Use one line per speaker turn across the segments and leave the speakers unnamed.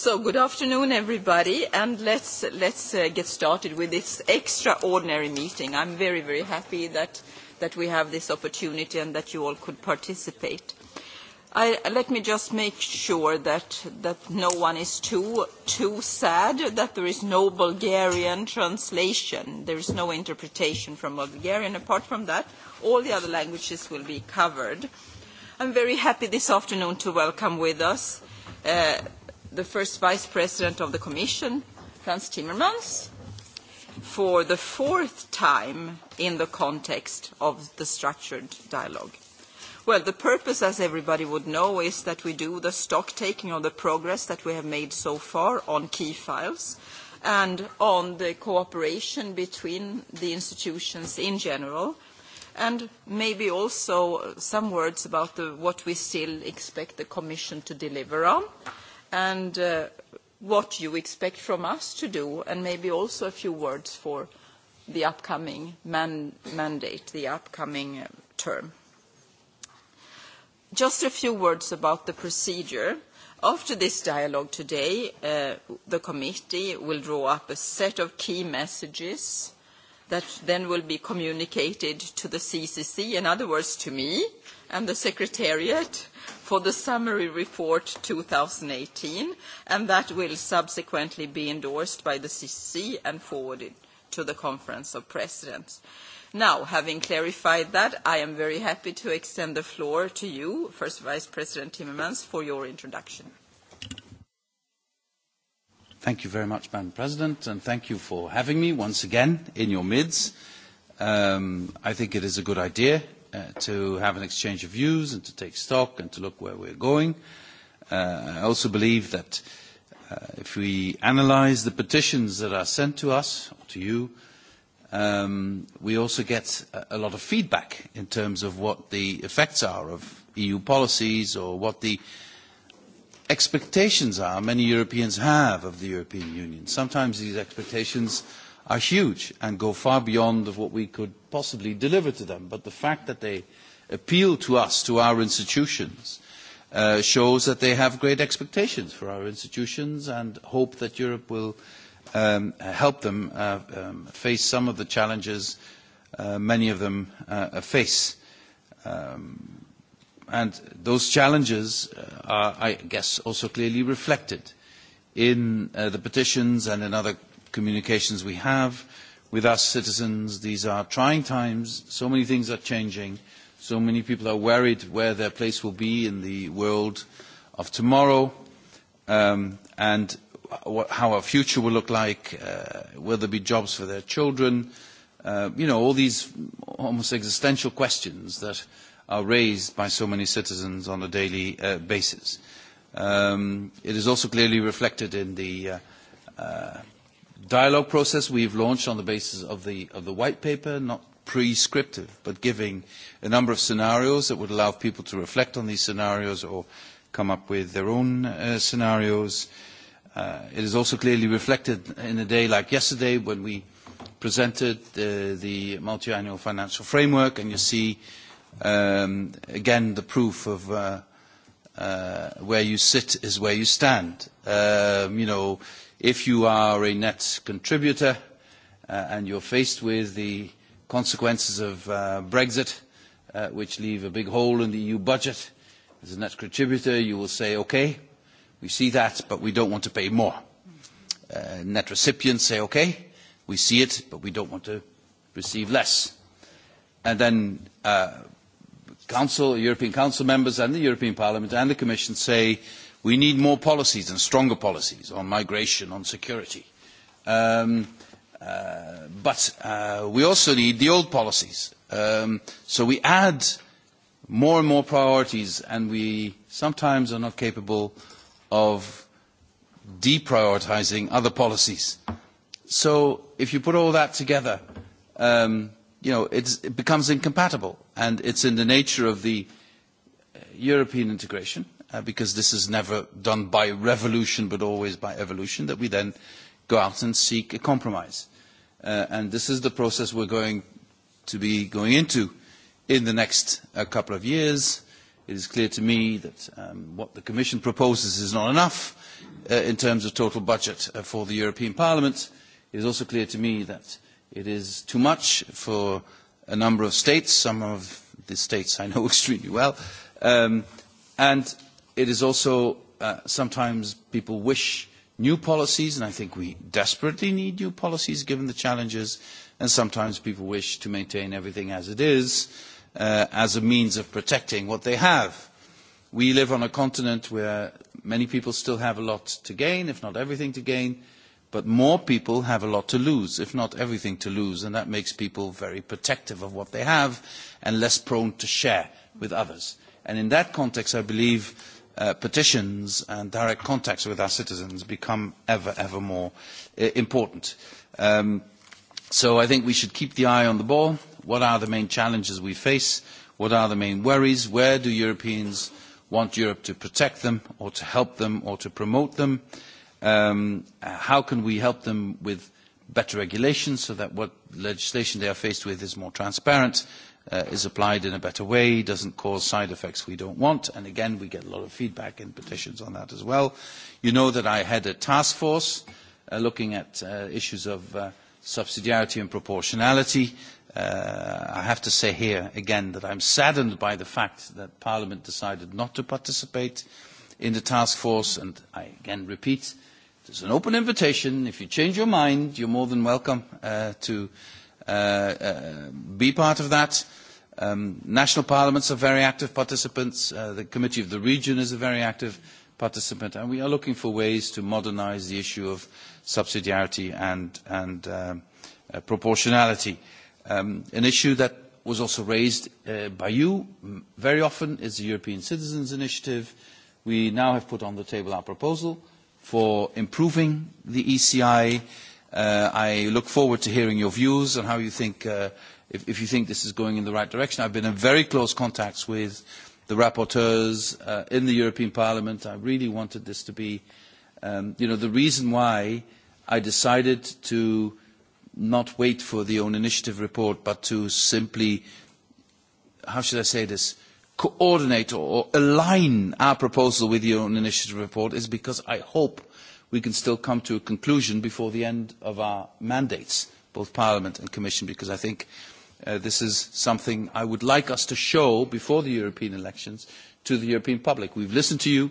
So good afternoon, everybody, and let's, let's uh, get started with this extraordinary meeting. I'm very, very happy that, that we have this opportunity and that you all could participate. I, let me just make sure that, that no one is too, too sad that there is no Bulgarian translation. There is no interpretation from Bulgarian. Apart from that, all the other languages will be covered. I'm very happy this afternoon to welcome with us the first Vice President of the Commission, Frans Timmermans, for the fourth time in the context of the structured dialogue. Well, the purpose, as everybody would know, is that we do the stock taking of the progress that we have made so far on key files and on the cooperation between the institutions in general, and maybe also some words about what we still expect the Commission to deliver on and what you expect from us to do, and maybe also a few words for the upcoming mandate, the upcoming term. Just a few words about the procedure. After this dialogue today, the committee will draw up a set of key messages that then will be communicated to the CCC, in other words, to me, and the Secretariat for the summary report 2018, and that will subsequently be endorsed by the CC and forwarded to the Conference of Presidents. Now, having clarified that, I am very happy to extend the floor to you, First Vice President Timmermans, for your introduction.
Thank you very much, Madam President, and thank you for having me once again in your midst. I think it is a good idea to have an exchange of views and to take stock and to look where we're going. I also believe that if we analyse the petitions that are sent to us, or to you, we also get a lot of feedback in terms of what the effects are of EU policies or what the expectations are many Europeans have of the European Union. Sometimes these expectations are huge and go far beyond what we could possibly deliver to them. But the fact that they appeal to us, to our institutions, shows that they have great expectations for our institutions and hope that Europe will help them face some of the challenges many of them face. and those challenges are, I guess, also clearly reflected in the petitions and in other communications we have with us citizens. These are trying times. So many things are changing. So many people are worried where their place will be in the world of tomorrow um, and what, how our future will look like. Uh, will there be jobs for their children? Uh, you know, all these almost existential questions that are raised by so many citizens on a daily uh, basis. Um, it is also clearly reflected in the uh, uh, dialogue process we've launched on the basis of the, of the white paper, not prescriptive, but giving a number of scenarios that would allow people to reflect on these scenarios or come up with their own uh, scenarios. Uh, it is also clearly reflected in a day like yesterday when we presented uh, the multi-annual financial framework and you see um, again the proof of uh, uh, where you sit is where you stand. Um, you know, If you are a net contributor and you are faced with the consequences of Brexit, which leave a big hole in the EU budget, as a net contributor, you will say, okay, we see that, but we don't want to pay more. net recipients say, okay, we see it, but we don't want to receive less. And then Council, European Council members and the European Parliament and the Commission say, We need more policies and stronger policies on migration, on security. but we also need the old policies. so we add more and more priorities, and we sometimes are not capable of deprioritising other policies. So if you put all that together, it becomes incompatible, and it's in the nature of the European integration – because this is never done by revolution but always by evolution, that we then go out and seek a compromise. and this is the process we're going to be going into in the next couple of years. It is clear to me that what the Commission proposes is not enough in terms of total budget for the European Parliament. It is also clear to me that it is too much for a number of states, some of the states I know extremely well, and it is also uh, sometimes people wish new policies, and I think we desperately need new policies given the challenges, and sometimes people wish to maintain everything as it is uh, as a means of protecting what they have. We live on a continent where many people still have a lot to gain, if not everything to gain, but more people have a lot to lose, if not everything to lose, and that makes people very protective of what they have and less prone to share with others. And in that context, I believe petitions and direct contacts with our citizens become ever, ever more important. so I think we should keep the eye on the ball. What are the main challenges we face? What are the main worries? Where do Europeans want Europe to protect them or to help them or to promote them? how can we help them with better regulation so that what legislation they are faced with is more transparent? is applied in a better way, doesn't cause side effects we don't want. And again, we get a lot of feedback in petitions on that as well. You know that I had a task force looking at issues of subsidiarity and proportionality. I have to say here again that I'm saddened by the fact that Parliament decided not to participate in the task force. And I again repeat, there's an open invitation. If you change your mind, you're more than welcome to be part of that. national parliaments are very active participants. the Committee of the Region is a very active participant. And we are looking for ways to modernise the issue of subsidiarity and, proportionality. an issue that was also raised by you very often is the European Citizens Initiative. We now have put on the table our proposal for improving the ECI I look forward to hearing your views on how you think, if, if you think this is going in the right direction. I've been in very close contacts with the rapporteurs in the European Parliament. I really wanted this to be, you know, the reason why I decided to not wait for the own initiative report, but to simply, how should I say this, coordinate or align our proposal with the own initiative report is because I hope we can still come to a conclusion before the end of our mandates, both Parliament and Commission, because I think this is something I would like us to show before the European elections to the European public. We have listened to you.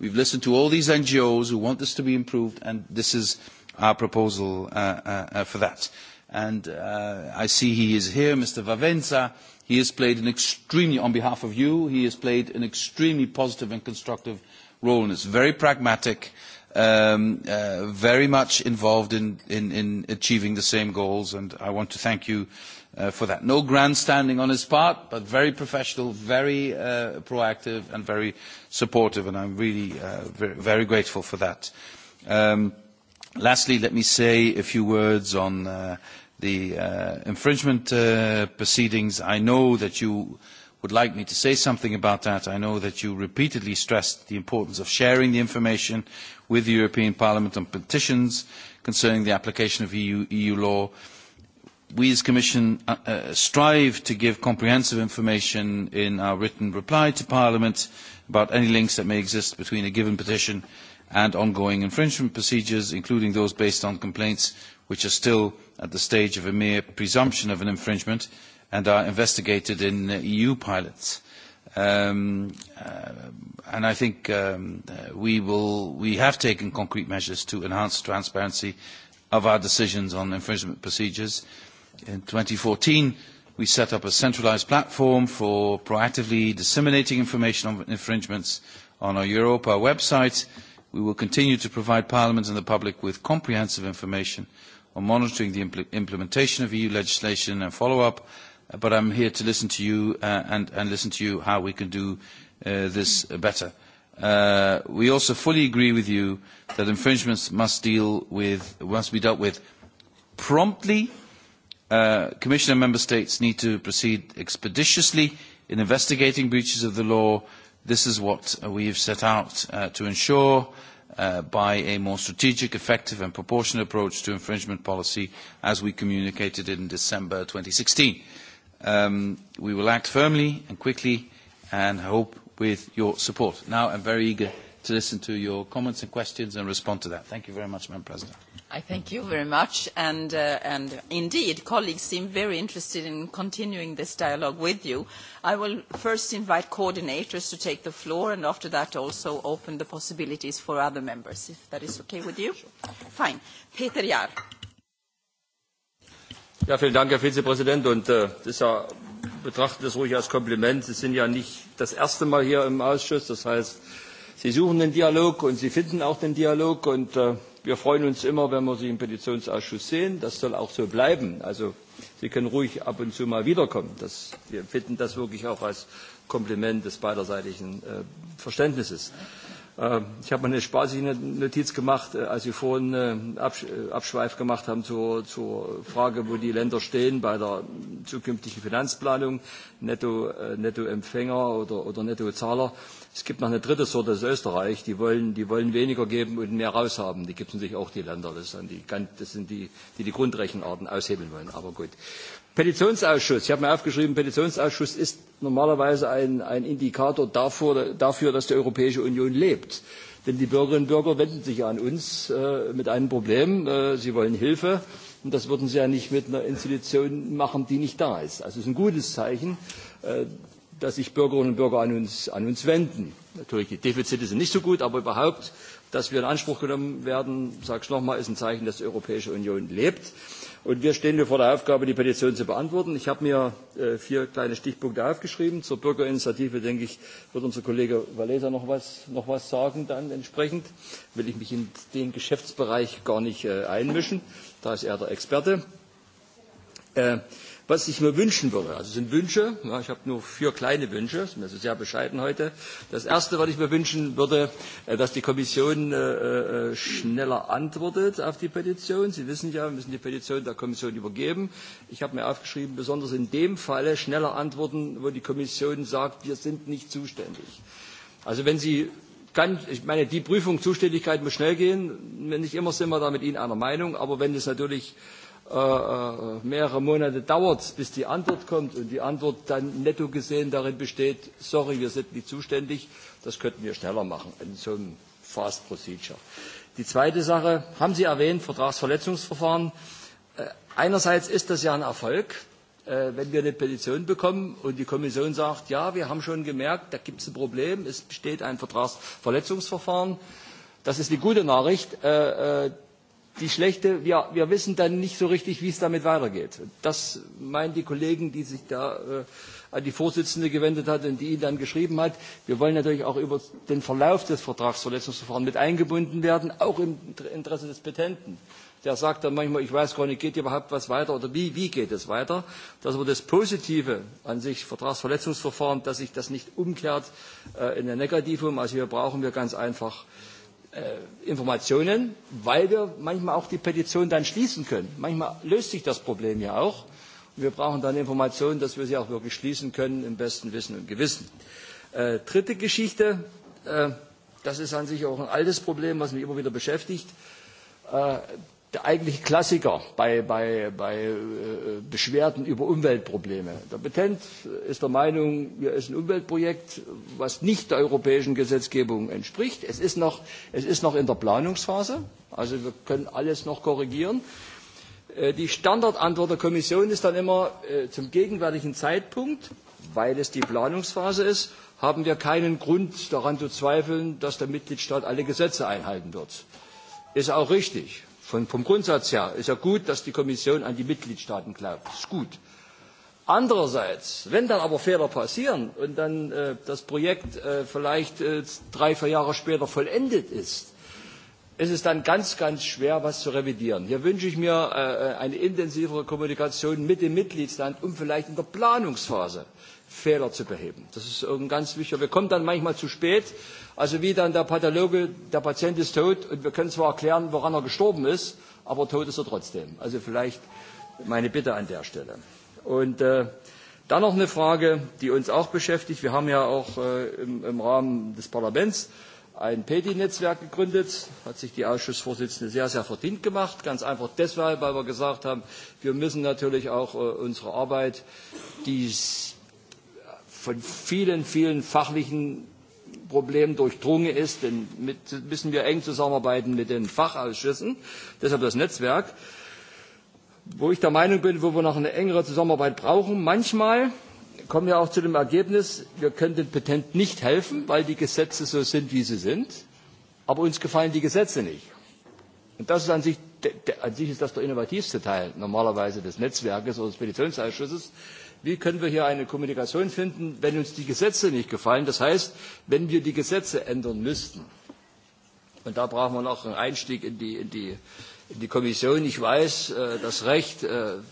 we have listened to all these NGOs who want this to be improved, and this is our proposal for that. I see he is here, Mr. Vavenza. He has played an extremely, on behalf of you, he has played an extremely positive and constructive role in this. Very pragmatic, very much involved in, achieving the same goals, and I want to thank you for that. No grandstanding on his part, but very professional, very proactive, and very supportive, and I'm really very, grateful for that. lastly, let me say a few words on the infringement proceedings. I know that you would like me to say something about that. I know that you repeatedly stressed the importance of sharing the information with the European Parliament on petitions concerning the application of EU, law. We as Commission strive to give comprehensive information in our written reply to Parliament about any links that may exist between a given petition and ongoing infringement procedures, including those based on complaints which are still at the stage of a mere presumption of an infringement and are investigated in EU pilots and I think we, will, we have taken concrete measures to enhance transparency of our decisions on infringement procedures. In 2014, we set up a centralised platform for proactively disseminating information on infringements on our Europa website. We will continue to provide Parliament and the public with comprehensive information on monitoring the implementation of EU legislation and follow-up but I'm here to listen to you and, and listen to you how we can do this better. we also fully agree with you that infringements must, deal with, must be dealt with promptly. Commission and Member States need to proceed expeditiously in investigating breaches of the law. This is what we have set out to ensure by a more strategic, effective and proportionate approach to infringement policy as we communicated in December sixteen Um, we will act firmly and quickly and hope with your support. Now I'm very eager to listen to your comments and questions and respond to that. Thank you very much, Madam President.
I thank you very much. And, uh, and indeed, colleagues seem very interested in continuing this dialogue with you. I will first invite coordinators to take the floor and after that also open the possibilities for other members, if that is okay with you. Fine. Peter
Herr Vizepräsident. Und das betrachten das ruhig als Kompliment. Sie sind ja nicht das erste Mal hier im Ausschuss. Das heißt, Sie suchen den Dialog und Sie finden auch den Dialog. Und wir freuen uns immer, wenn wir Sie im Petitionsausschuss sehen. Das soll auch so bleiben. Also Sie können ruhig ab und zu mal wiederkommen. wir finden das wirklich auch als Kompliment des beiderseitigen Verständnisses. Ich habe eine spaßige notiz gemacht, als Sie vorhin einen Abschweif gemacht haben zur, zur Frage, wo die Länder stehen bei der zukünftigen Finanzplanung, Nettoempfänger oder, oder Nettozahler. Es gibt noch eine dritte Sorte aus Österreich, die wollen, die wollen weniger geben und mehr raushaben. Die gibt es natürlich auch die Länder. Das sind die, das sind die, die die Grundrechenarten aushebeln wollen. Aber gut. Petitionsausschuss. Ich habe mir aufgeschrieben, Petitionsausschuss ist normalerweise ein, ein Indikator dafür, dafür, dass die Europäische Union lebt. Denn die Bürgerinnen und Bürger wenden sich an uns äh, mit einem Problem. Äh, sie wollen Hilfe. Und das würden sie ja nicht mit einer Institution machen, die nicht da ist. Also es ist ein gutes Zeichen dass sich Bürgerinnen und Bürger an uns, an uns wenden. Natürlich, die Defizite sind nicht so gut, aber überhaupt, dass wir in Anspruch genommen werden, sage ich nochmal, ist ein Zeichen, dass die Europäische Union lebt. Und wir stehen vor der Aufgabe, die Petition zu beantworten. Ich habe mir vier kleine Stichpunkte aufgeschrieben. Zur Bürgerinitiative, denke ich, wird unser Kollege Valesa noch was, noch was sagen dann entsprechend. Will ich mich in den Geschäftsbereich gar nicht einmischen. Da ist er der Experte was ich mir wünschen würde. Also es sind Wünsche, ja, ich habe nur vier kleine Wünsche, das ist sehr bescheiden heute. Das erste, was ich mir wünschen würde, dass die Kommission äh, schneller antwortet auf die Petition. Sie wissen ja, wir müssen die Petition der Kommission übergeben. Ich habe mir aufgeschrieben, besonders in dem Falle schneller antworten, wo die Kommission sagt, wir sind nicht zuständig. Also wenn Sie kann, ich meine, die Prüfung Zuständigkeit muss schnell gehen. Nicht immer sind wir da mit Ihnen einer Meinung, aber wenn es natürlich mehrere Monate dauert, bis die Antwort kommt und die Antwort dann netto gesehen darin besteht, sorry, wir sind nicht zuständig, das könnten wir schneller machen in so einem Fast Procedure. Die zweite Sache, haben Sie erwähnt, Vertragsverletzungsverfahren. Einerseits ist das ja ein Erfolg, wenn wir eine Petition bekommen und die Kommission sagt, ja, wir haben schon gemerkt, da gibt es ein Problem, es besteht ein Vertragsverletzungsverfahren. Das ist eine gute Nachricht die schlechte, wir, wir wissen dann nicht so richtig, wie es damit weitergeht. Das meinen die Kollegen, die sich da äh, an die Vorsitzende gewendet hat und die ihn dann geschrieben hat. Wir wollen natürlich auch über den Verlauf des Vertragsverletzungsverfahrens mit eingebunden werden, auch im Interesse des Petenten. Der sagt dann manchmal, ich weiß gar nicht, geht überhaupt was weiter oder wie, wie geht es weiter? Dass aber das Positive an sich, Vertragsverletzungsverfahren, dass sich das nicht umkehrt äh, in ein Negativum. Also hier brauchen wir ganz einfach äh, Informationen, weil wir manchmal auch die Petition dann schließen können. Manchmal löst sich das Problem ja auch. Und wir brauchen dann Informationen, dass wir sie auch wirklich schließen können, im besten Wissen und Gewissen. dritte Geschichte, das ist an sich auch ein altes Problem, was mich immer wieder beschäftigt der eigentliche Klassiker bei, bei, bei Beschwerden über Umweltprobleme. Der Petent ist der Meinung, hier ist ein Umweltprojekt, was nicht der europäischen Gesetzgebung entspricht. Es ist noch, es ist noch in der Planungsphase, also wir können alles noch korrigieren. Die Standardantwort der Kommission ist dann immer, zum gegenwärtigen Zeitpunkt, weil es die Planungsphase ist, haben wir keinen Grund daran zu zweifeln, dass der Mitgliedstaat alle Gesetze einhalten wird. Ist auch richtig vom Grundsatz her ist ja gut, dass die Kommission an die Mitgliedstaaten glaubt. Das ist gut. Andererseits, wenn dann aber Fehler passieren und dann das Projekt vielleicht drei, vier Jahre später vollendet ist, ist es dann ganz, ganz schwer, etwas zu revidieren. Hier wünsche ich mir eine intensivere Kommunikation mit dem Mitgliedstaat, um vielleicht in der Planungsphase Fehler zu beheben. Das ist ganz wichtig. Wir kommen dann manchmal zu spät, also wie dann der Pathologe, der Patient ist tot und wir können zwar erklären, woran er gestorben ist, aber tot ist er trotzdem. Also vielleicht meine Bitte an der Stelle. Und äh, dann noch eine Frage, die uns auch beschäftigt. Wir haben ja auch äh, im, im Rahmen des Parlaments ein pedi netzwerk gegründet, hat sich die Ausschussvorsitzende sehr, sehr verdient gemacht, ganz einfach deshalb, weil wir gesagt haben, wir müssen natürlich auch unsere Arbeit, die von vielen, vielen fachlichen Problemen durchdrungen ist, denn müssen wir eng zusammenarbeiten mit den Fachausschüssen, deshalb das Netzwerk, wo ich der Meinung bin, wo wir noch eine engere Zusammenarbeit brauchen. Manchmal kommen wir auch zu dem Ergebnis, wir können den Petenten nicht helfen, weil die Gesetze so sind, wie sie sind, aber uns gefallen die Gesetze nicht. Und das ist an sich, an sich ist das der innovativste Teil normalerweise des Netzwerkes oder des Petitionsausschusses, Wie können wir hier eine Kommunikation finden, wenn uns die Gesetze nicht gefallen? Das heißt, wenn wir die Gesetze ändern müssten. Und da brauchen wir noch einen Einstieg in die, in die, in die Kommission. Ich weiß, das Recht für,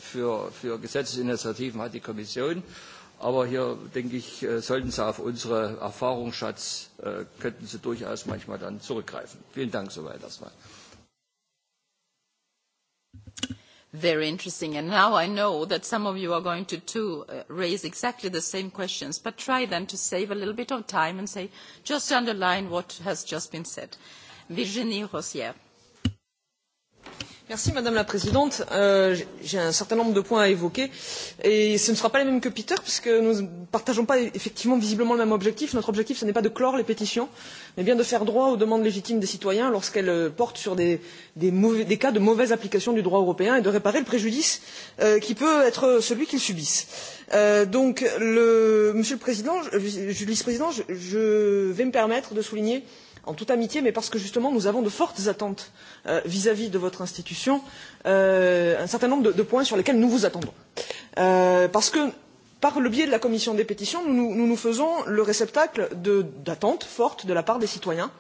für Gesetzesinitiativen hat die Kommission. Aber hier, denke ich, sollten Sie auf unsere Erfahrungsschatz, könnten Sie durchaus manchmal dann zurückgreifen. Vielen Dank soweit erstmal.
very interesting. And now I know that some of you are going to too uh, raise exactly the same questions, but try then to save a little bit of time and say, just underline what has just been said. Virginie Rosière
madame la présidente j'ai un certain nombre de points à évoquer et ce ne sera pas les mêmes que peter puisque nous ne partageons pas effectivement visiblement le même objectif. notre objectif ce n'est pas de clore les pétitions mais bien de faire droit aux demandes légitimes des citoyens lorsqu'elles portent sur des cas de mauvaise application du droit européen et de réparer le préjudice qui peut être celui qu'ils subissent. donc monsieur le vice président je vais me permettre de souligner en toute amitié, mais parce que justement nous avons de fortes attentes vis-à-vis de votre institution, un certain nombre de, points sur lesquels nous vous attendons. parce que par le biais de la commission des pétitions, nous nous, faisons le réceptacle d'attentes fortes de la part des citoyens.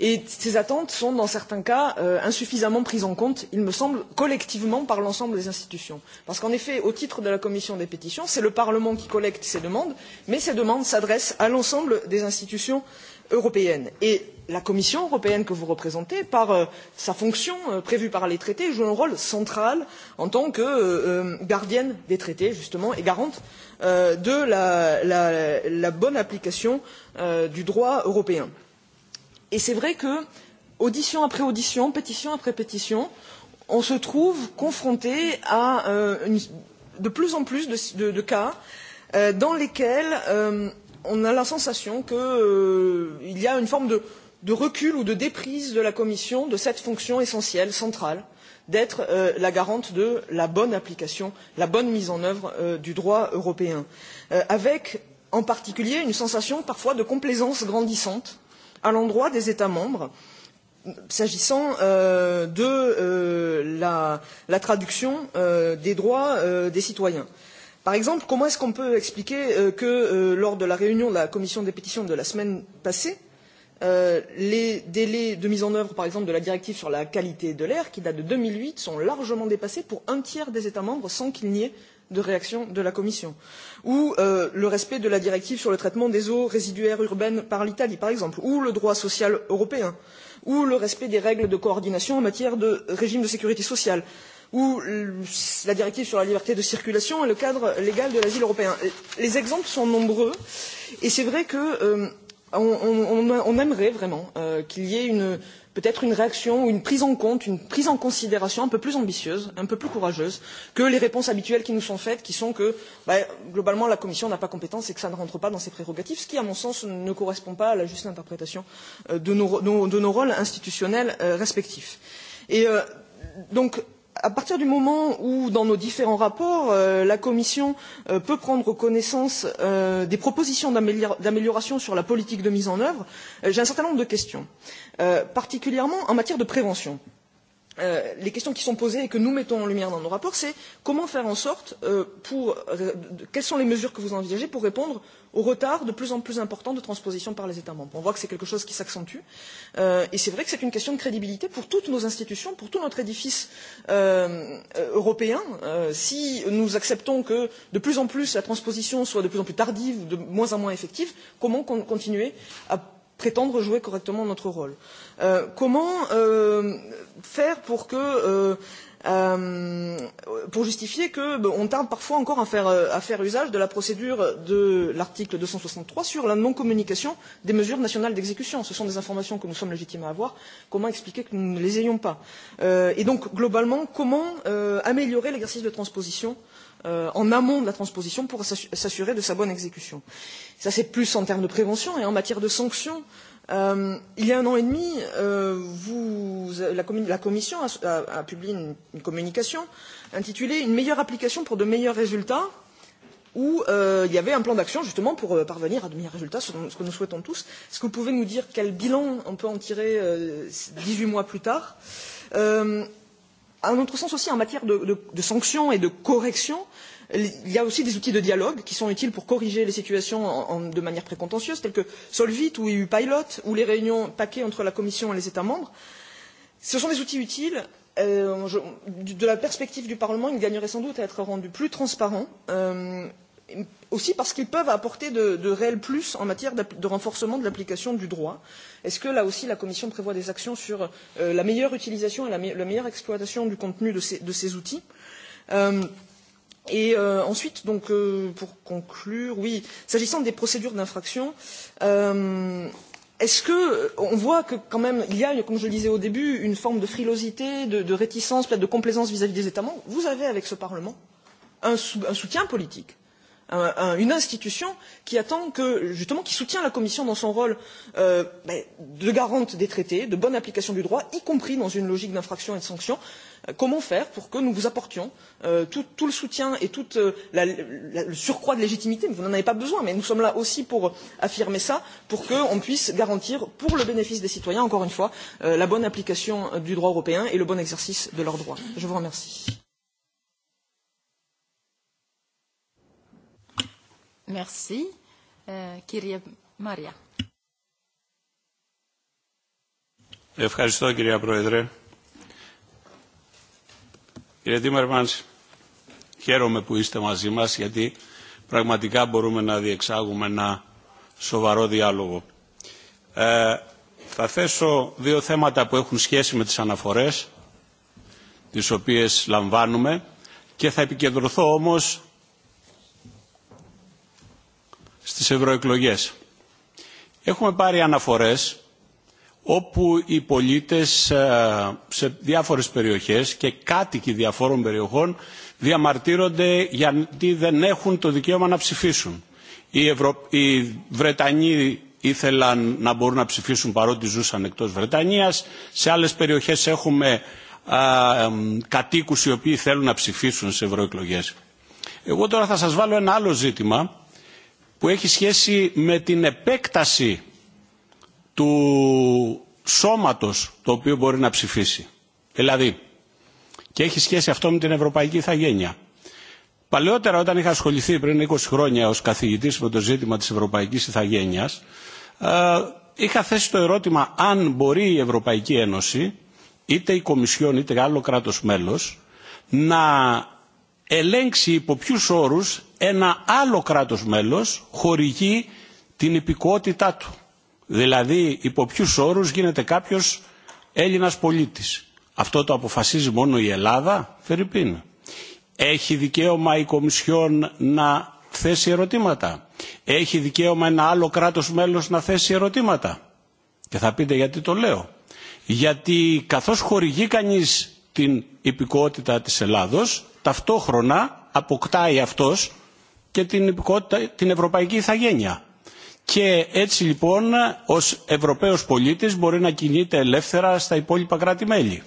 Et ces attentes sont, dans certains cas, insuffisamment prises en compte, il me semble, collectivement par l'ensemble des institutions. Parce qu'en effet, au titre de la commission des pétitions, c'est le Parlement qui collecte ces demandes, mais ces demandes s'adressent à l'ensemble des institutions européenne et la commission européenne que vous représentez par sa fonction prévue par les traités joue un rôle central en tant que gardienne des traités justement et garante de la bonne application du droit européen. et c'est vrai que audition après audition pétition après pétition on se trouve confronté à de plus en plus de cas dans lesquels on a la sensation qu'il y a une forme de, de recul ou de déprise de la commission de cette fonction essentielle centrale d'être la garante de la bonne application la bonne mise en œuvre du droit européen avec en particulier une sensation parfois de complaisance grandissante à l'endroit des états membres s'agissant de la, traduction des droits des citoyens. Par exemple, comment est-ce qu'on peut expliquer que lors de la réunion de la commission des pétitions de la semaine passée, les délais de mise en œuvre, par exemple, de la directive sur la qualité de l'air, qui date de deux mille huit, sont largement dépassés pour un tiers des États membres sans qu'il n'y ait de réaction de la Commission ou le respect de la directive sur le traitement des eaux résiduaires urbaines par l'Italie, par exemple, ou le droit social européen, ou le respect des règles de coordination en matière de régime de sécurité sociale. Euh, ou la directive sur la liberté de circulation et le cadre légal de l'asile européen. Les exemples sont nombreux et c'est vrai que on, aimerait vraiment qu'il y ait une, peut-être une réaction ou une prise en compte, une prise en considération un peu plus ambitieuse, un peu plus courageuse que les réponses habituelles qui nous sont faites, qui sont que globalement la Commission n'a pas compétence et que cela ne rentre pas dans ses prérogatives, ce qui, à mon sens, ne correspond pas à la juste interprétation de nos, rôles institutionnels respectifs. Et donc, à partir du moment où dans nos différents rapports la commission peut prendre connaissance des propositions d'amélioration sur la politique de mise en œuvre j'ai un certain nombre de questions particulièrement en matière de prévention les questions qui sont posées et que nous mettons en lumière dans nos rapports, c'est comment faire en sorte, pour, quelles sont les mesures que vous envisagez pour répondre au retard de plus en plus important de transposition par les États membres. On voit que c'est quelque chose qui s'accentue et c'est vrai que c'est une question de crédibilité pour toutes nos institutions, pour tout notre édifice européen. si nous acceptons que de plus en plus la transposition soit de plus en plus tardive, ou de moins en moins effective, comment continuer à prétendre jouer correctement notre rôle. Euh, comment euh, faire pour que euh, pour justifier que on tarde parfois encore à faire, usage de la procédure de l'article deux cent soixante trois sur la non communication des mesures nationales d'exécution. Ce sont des informations que nous sommes légitimes à avoir. Comment expliquer que nous ne les ayons pas Et donc globalement, comment améliorer l'exercice de transposition euh, en amont de la transposition pour s'assurer de sa bonne exécution. Ça, c'est plus en termes de prévention et en matière de sanctions. il y a un an et demi, la, Commission a, publié une, communication intitulée Une meilleure application pour de meilleurs résultats où il y avait un plan d'action justement pour parvenir à de meilleurs résultats, ce, que nous souhaitons tous. Est-ce que vous pouvez nous dire quel bilan on peut en tirer dix huit mois plus tard à notre sens aussi en matière de, sanctions et de corrections, il y a aussi des outils de dialogue qui sont utiles pour corriger les situations de manière précontentieuse, telles que Solvit ou EU Pilot ou les réunions paquets entre la Commission et les États membres. Ce sont des outils utiles. de la perspective du Parlement, ils gagneraient sans doute à être rendus plus transparents aussi parce qu'ils peuvent apporter de, de réels plus en matière de renforcement de l'application du droit. Est-ce que là aussi la Commission prévoit des actions sur euh, la meilleure utilisation et la, me la meilleure exploitation du contenu de ces, de ces outils euh, Et euh, ensuite, donc, euh, pour conclure, oui, s'agissant des procédures d'infraction, est-ce que qu'on voit que quand même il y a, comme je le disais au début, une forme de frilosité, de, de réticence, peut-être de complaisance vis-à-vis des États membres Vous avez avec ce Parlement un, sou, un soutien politique une institution qui attend que justement qui soutient la commission dans son rôle de garante des traités de bonne application du droit y compris dans une logique d'infraction et de sanction comment faire pour que nous vous apportions tout le soutien et tout le surcroît de légitimité vous n'en avez pas besoin mais nous sommes là aussi pour affirmer cela pour qu'on puisse garantir pour le bénéfice des citoyens encore une fois la bonne application du droit européen et le bon exercice de leurs droits. je vous remercie.
Merci. Κύριε Μαρία.
Ευχαριστώ κυρία Πρόεδρε. Κύριε Τίμερμανς, χαίρομαι που είστε μαζί μας γιατί πραγματικά μπορούμε να διεξάγουμε ένα σοβαρό διάλογο. Ε, θα θέσω δύο θέματα που έχουν σχέση με τις αναφορές τις οποίες λαμβάνουμε και θα επικεντρωθώ όμως στις ευρωεκλογές. Έχουμε πάρει αναφορές όπου οι πολίτες σε διάφορες περιοχές και κάτοικοι διαφόρων περιοχών διαμαρτύρονται γιατί δεν έχουν το δικαίωμα να ψηφίσουν. Οι, Ευρω... οι Βρετανοί ήθελαν να μπορούν να ψηφίσουν παρότι ζούσαν εκτός Βρετανίας. Σε άλλες περιοχές έχουμε α, κατοίκους οι οποίοι θέλουν να ψηφίσουν σε ευρωεκλογές. Εγώ τώρα θα σας βάλω ένα άλλο ζήτημα που έχει σχέση με την επέκταση του σώματος το οποίο μπορεί να ψηφίσει. Δηλαδή, και έχει σχέση αυτό με την ευρωπαϊκή ηθαγένεια. Παλαιότερα όταν είχα ασχοληθεί πριν 20 χρόνια ως καθηγητής με το ζήτημα της ευρωπαϊκής ηθαγένειας, είχα θέσει το ερώτημα αν μπορεί η Ευρωπαϊκή Ένωση, είτε η Κομισιόν είτε άλλο κράτος μέλος, να ελέγξει υπό ποιους όρους ένα άλλο κράτος μέλος χορηγεί την υπηκότητά του. Δηλαδή υπό ποιους όρους γίνεται κάποιος Έλληνας πολίτης. Αυτό το αποφασίζει μόνο η Ελλάδα, Φερρυπίν. Έχει δικαίωμα η Κομισιόν να θέσει ερωτήματα. Έχει δικαίωμα ένα άλλο κράτος μέλος να θέσει ερωτήματα. Και θα πείτε γιατί το λέω. Γιατί καθώς χορηγεί κανείς την υπηκότητα της Ελλάδος, ταυτόχρονα αποκτάει αυτός και την, υπηκότητα, την ευρωπαϊκή ηθαγένεια. Και έτσι λοιπόν ως Ευρωπαίος πολίτης μπορεί να κινείται ελεύθερα στα υπόλοιπα κράτη-μέλη.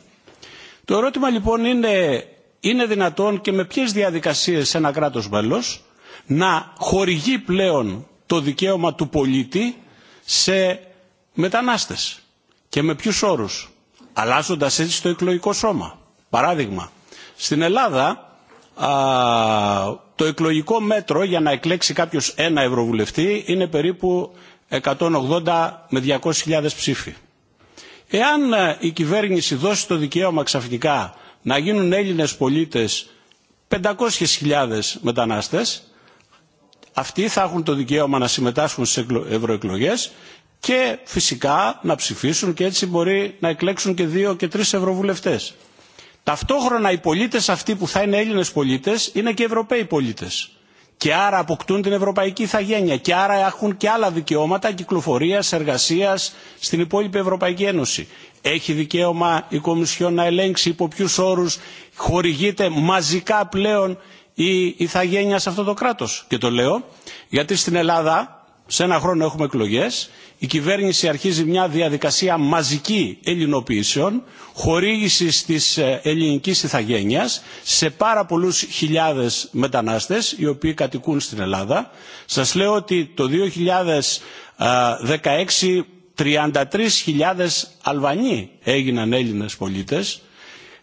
Το ερώτημα λοιπόν είναι, είναι δυνατόν και με ποιες διαδικασίες ένα κράτος μέλος να χορηγεί πλέον το δικαίωμα του πολίτη σε μετανάστες και με ποιους όρους, αλλάζοντας έτσι το εκλογικό σώμα. Παράδειγμα, στην Ελλάδα το εκλογικό μέτρο για να εκλέξει κάποιος ένα ευρωβουλευτή είναι περίπου 180 με 200.000 ψήφοι. Εάν η κυβέρνηση δώσει το δικαίωμα ξαφνικά να γίνουν Έλληνες πολίτες 500.000 μετανάστες, αυτοί θα έχουν το δικαίωμα να συμμετάσχουν στις ευρωεκλογές και φυσικά να ψηφίσουν και έτσι μπορεί να εκλέξουν και δύο και τρεις ευρωβουλευτές. Ταυτόχρονα οι πολίτες αυτοί που θα είναι Έλληνες πολίτες είναι και Ευρωπαίοι πολίτες. Και άρα αποκτούν την ευρωπαϊκή ηθαγένεια και άρα έχουν και άλλα δικαιώματα κυκλοφορίας, εργασίας στην υπόλοιπη Ευρωπαϊκή Ένωση. Έχει δικαίωμα η Κομισιόν να ελέγξει υπό ποιου όρου χορηγείται μαζικά πλέον η ηθαγένεια σε αυτό το κράτος. Και το λέω γιατί στην Ελλάδα σε ένα χρόνο έχουμε εκλογές η κυβέρνηση αρχίζει μια διαδικασία μαζική ελληνοποίησεων, χορήγηση τη ελληνική ηθαγένεια, σε πάρα πολλού χιλιάδε μετανάστε, οι οποίοι κατοικούν στην Ελλάδα. Σα λέω ότι το 2016 33.000 Αλβανοί έγιναν Έλληνες πολίτες.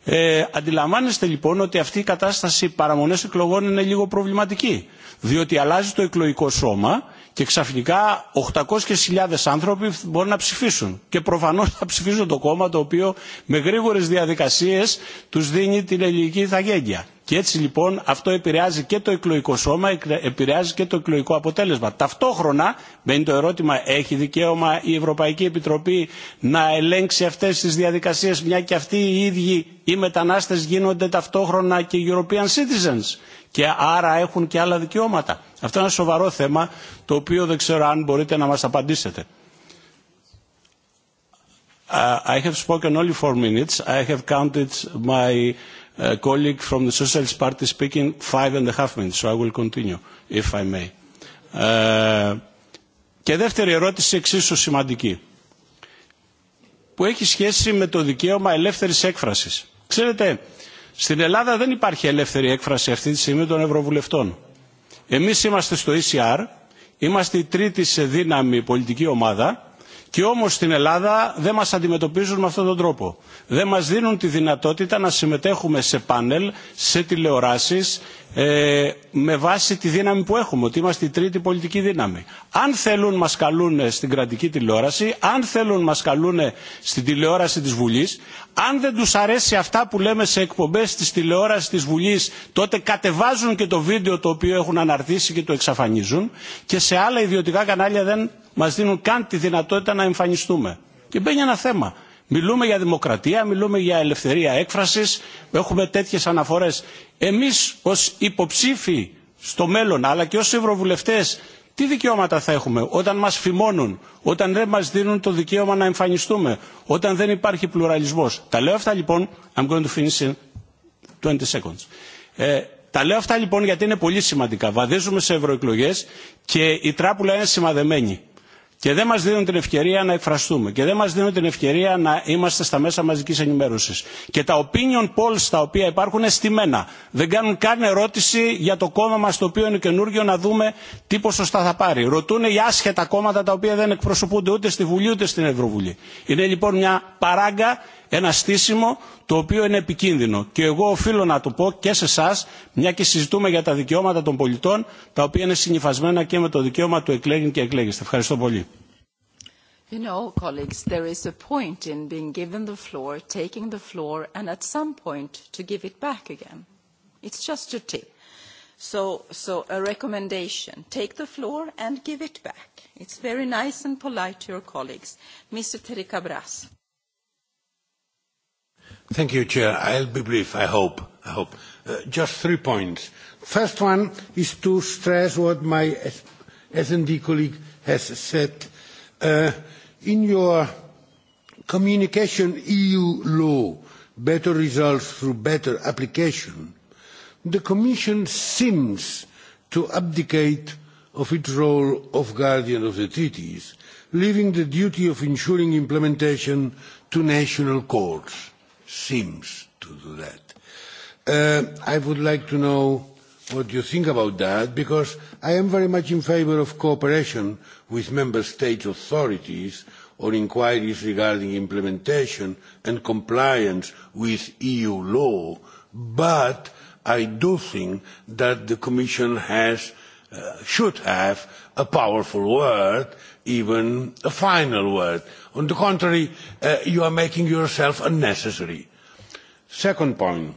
Ε, αντιλαμβάνεστε λοιπόν ότι αυτή η κατάσταση παραμονές εκλογών είναι λίγο προβληματική, διότι αλλάζει το εκλογικό σώμα Και ξαφνικά 800.000 άνθρωποι μπορούν να ψηφίσουν. Και προφανώ θα ψηφίσουν το κόμμα το οποίο με γρήγορε διαδικασίε του δίνει την ελληνική ηθαγένεια. Και έτσι λοιπόν αυτό επηρεάζει και το εκλογικό σώμα, επηρεάζει και το εκλογικό αποτέλεσμα. Ταυτόχρονα μπαίνει το ερώτημα, έχει δικαίωμα η Ευρωπαϊκή Επιτροπή να ελέγξει αυτέ τι διαδικασίε, μια και αυτοί οι ίδιοι οι μετανάστε γίνονται ταυτόχρονα και European citizens και άρα έχουν και άλλα δικαιώματα. Αυτό είναι ένα σοβαρό θέμα το οποίο δεν ξέρω αν μπορείτε να μας απαντήσετε. Uh, I have spoken only four minutes. I have counted my uh, colleague from the Socialist Party speaking five and a half minutes, so I will continue, if I may. Uh, και δεύτερη ερώτηση εξίσου σημαντική, που έχει σχέση με το δικαίωμα ελεύθερης έκφρασης. Ξέρετε, uh, Στην Ελλάδα δεν υπάρχει ελεύθερη έκφραση αυτή τη στιγμή των Ευρωβουλευτών. Εμείς είμαστε στο ECR, είμαστε η τρίτη σε δύναμη πολιτική ομάδα και όμως στην Ελλάδα δεν μας αντιμετωπίζουν με αυτόν τον τρόπο. Δεν μας δίνουν τη δυνατότητα να συμμετέχουμε σε πάνελ, σε τηλεοράσεις, ε, με βάση τη δύναμη που έχουμε, ότι είμαστε η τρίτη πολιτική δύναμη. Αν θέλουν μας καλούν στην κρατική τηλεόραση, αν θέλουν μας καλούν στην τηλεόραση της Βουλής, αν δεν τους αρέσει αυτά που λέμε σε εκπομπές της τηλεόρασης της Βουλής, τότε κατεβάζουν και το βίντεο το οποίο έχουν αναρτήσει και το εξαφανίζουν και σε άλλα ιδιωτικά κανάλια δεν μας δίνουν καν τη δυνατότητα να εμφανιστούμε. Και μπαίνει ένα θέμα. Μιλούμε για δημοκρατία, μιλούμε για ελευθερία έκφρασης, έχουμε τέτοιες αναφορές. Εμείς ως υποψήφοι στο μέλλον, αλλά και ως ευρωβουλευτές, τι δικαιώματα θα έχουμε όταν μας φημώνουν, όταν δεν μας δίνουν το δικαίωμα να εμφανιστούμε, όταν δεν υπάρχει πλουραλισμός. Τα λέω αυτά λοιπόν, I'm going to finish in 20 seconds. Ε, τα λέω αυτά λοιπόν γιατί είναι πολύ σημαντικά. Βαδίζουμε σε ευρωεκλογέ και η τράπουλα είναι σημαδεμένη Και δεν μας δίνουν την ευκαιρία να εκφραστούμε και δεν μας δίνουν την ευκαιρία να είμαστε στα μέσα μαζικής ενημέρωσης. Και τα opinion polls τα οποία υπάρχουν είναι στημένα. Δεν κάνουν καν ερώτηση για το κόμμα μας το οποίο είναι καινούργιο να δούμε τι ποσοστά θα πάρει. Ρωτούν οι άσχετα κόμματα τα οποία δεν εκπροσωπούνται ούτε στη Βουλή ούτε στην Ευρωβουλή. Είναι λοιπόν μια παράγκα ένα στήσιμο το οποίο είναι επικίνδυνο. Και εγώ οφείλω να το πω και σε εσά, μια και συζητούμε για τα δικαιώματα των πολιτών, τα οποία είναι συνυφασμένα και με το δικαίωμα του εκλέγην και εκλέγηστε. Ευχαριστώ πολύ.
You know, colleagues, there is a point in being given the floor, taking the floor, and at some point to give it back again. It's just a tip. So, so a recommendation, take the floor and give it back. It's very nice and polite to your colleagues. Mr. Terry Cabras.
Thank you, Chair. I'll be brief, I hope. I hope. Uh, just three points. First one is to stress what my S&D colleague has said. Uh, in your communication EU law, better results through better application, the Commission seems to abdicate of its role of guardian of the treaties, leaving the duty of ensuring implementation to national courts seems to do that. Uh, I would like to know what you think about that, because I am very much in favour of cooperation with member state authorities on inquiries regarding implementation and compliance with EU law, but I do think that the Commission has should have a powerful word, even a final word. On the contrary, you are making yourself unnecessary. Second point.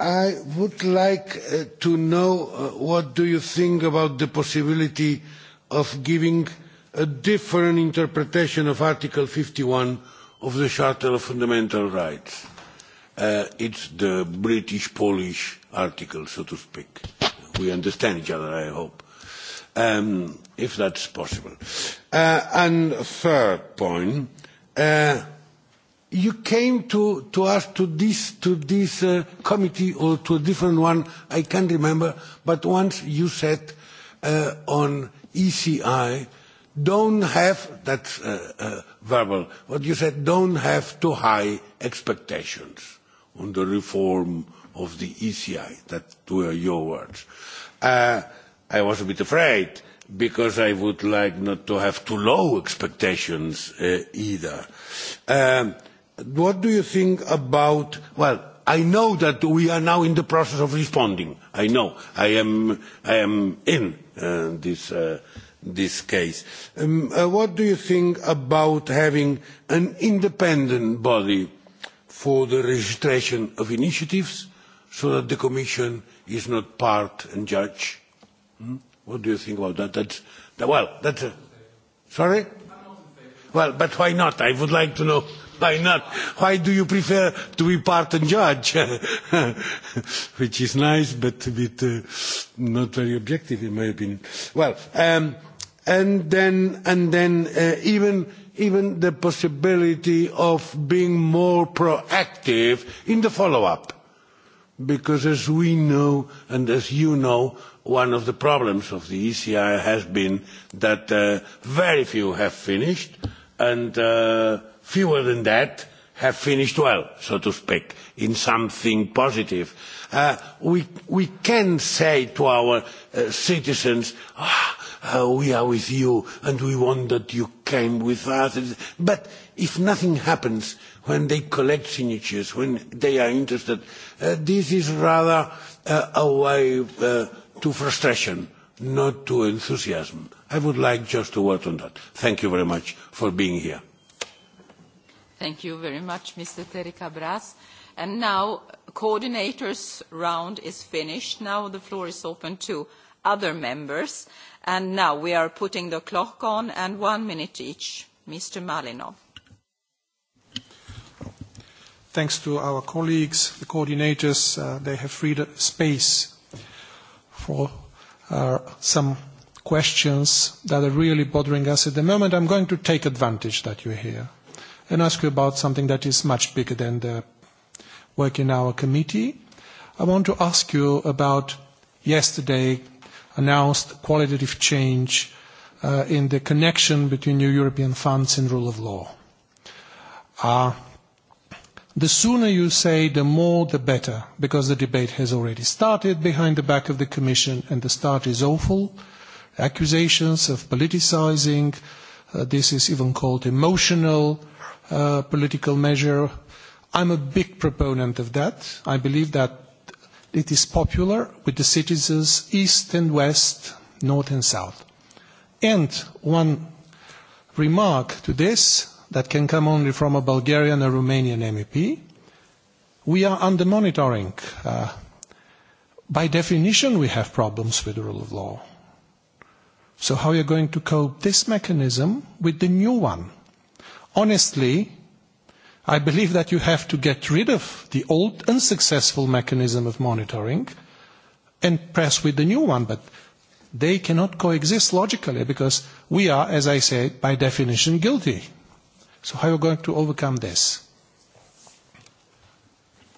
I would like to know what do you think about the possibility of giving a different interpretation of Article fifty one of the Charter of Fundamental Rights. It is the British-Polish article, so to speak. We understand each other, I hope, um, if that's possible. Uh, and third point, uh, you came to, to us to this, to this uh, committee or to a different one, I can't remember, but once you said uh, on ECI, don't have, that's uh, uh, verbal, what you said, don't have too high expectations on the reform of the ECI. That were your words. Uh, I was a bit afraid because I would like not to have too low expectations uh, either. Um, what do you think about, well, I know that we are now in the process of responding. I know. I am, I am in uh, this, uh, this case. Um, uh, what do you think about having an independent body for the registration of initiatives so that the Commission is not part and judge? Hmm? What do you think about that? That's, that well, that's a, sorry? Well, but why not? I would like to know why not. Why do you prefer to be part and judge? Which is nice, but a bit uh, not very objective in my opinion. Well, um, and then, and then uh, even even the possibility of being more proactive in the follow-up Because as we know, and as you know, one of the problems of the ECI has been that uh, very few have finished, and uh, fewer than that have finished well, so to speak, in something positive. Uh, we, we can say to our uh, citizens, ah, uh, we are with you and we want that you came with us. But if nothing happens when they collect signatures, when they are interested, uh, this is rather uh, a way uh, to frustration, not to enthusiasm. I would like just to work on that. Thank you very much for being here.
Thank you very much, Mr. Terry Cabras. And now coordinators round is finished. Now the floor is open to other members now we are putting the clock on and one minute each. Mr. Malinov.
Thanks to our colleagues, the coordinators, they have freed space for some questions that are really bothering us at the moment. I'm going to take advantage that you're here and ask you about something that is much bigger than the work in our committee. I want to ask you about yesterday announced qualitative change in the connection between new European funds and rule of law. the sooner you say, the more the better, because the debate has already started behind the back of the Commission, and the start is awful. Accusations of politicising, this is even called emotional political measure. I'm a big proponent of that. I believe that It is popular with the citizens east and west, north and south. And one remark to this that can come only from a Bulgarian or Romanian MEP. We are under monitoring. Uh, by definition, we have problems with the rule of law. So how are you going to cope this mechanism with the new one? Honestly, I believe that you have to get rid of the old unsuccessful mechanism of monitoring and press with the new one. But they cannot coexist logically because we are, as I say, by definition guilty. So how are you going to overcome this?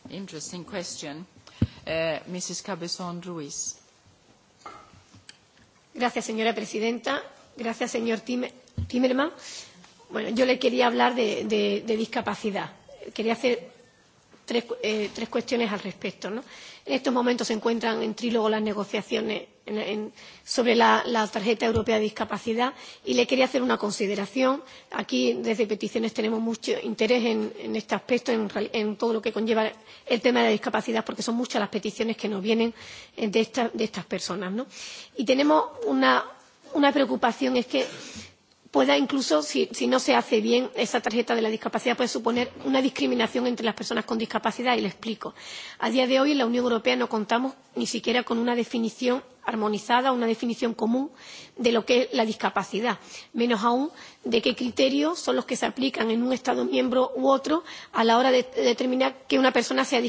Interesting question. Uh, Mrs. Cabezon Ruiz.
Gracias, señora presidenta. Gracias, señor Bueno, yo le quería hablar de, de, de discapacidad. Quería hacer tres, eh, tres cuestiones al respecto. ¿no? En estos momentos se encuentran en trílogo las negociaciones en, en, sobre la, la tarjeta europea de discapacidad y le quería hacer una consideración. Aquí desde peticiones tenemos mucho interés en, en este aspecto, en, en todo lo que conlleva el tema de la discapacidad, porque son muchas las peticiones que nos vienen de, esta, de estas personas. ¿no? Y tenemos una, una preocupación, es que pueda incluso, si, no se hace bien esa tarjeta de la discapacidad, puede suponer una discriminación entre las personas con discapacidad. Y le explico. A día de hoy en la Unión Europea no contamos ni siquiera con una definición armonizada, una definición común de lo que es la discapacidad, menos aún de qué criterios son los que se aplican en un Estado miembro u otro a la hora de determinar que una persona sea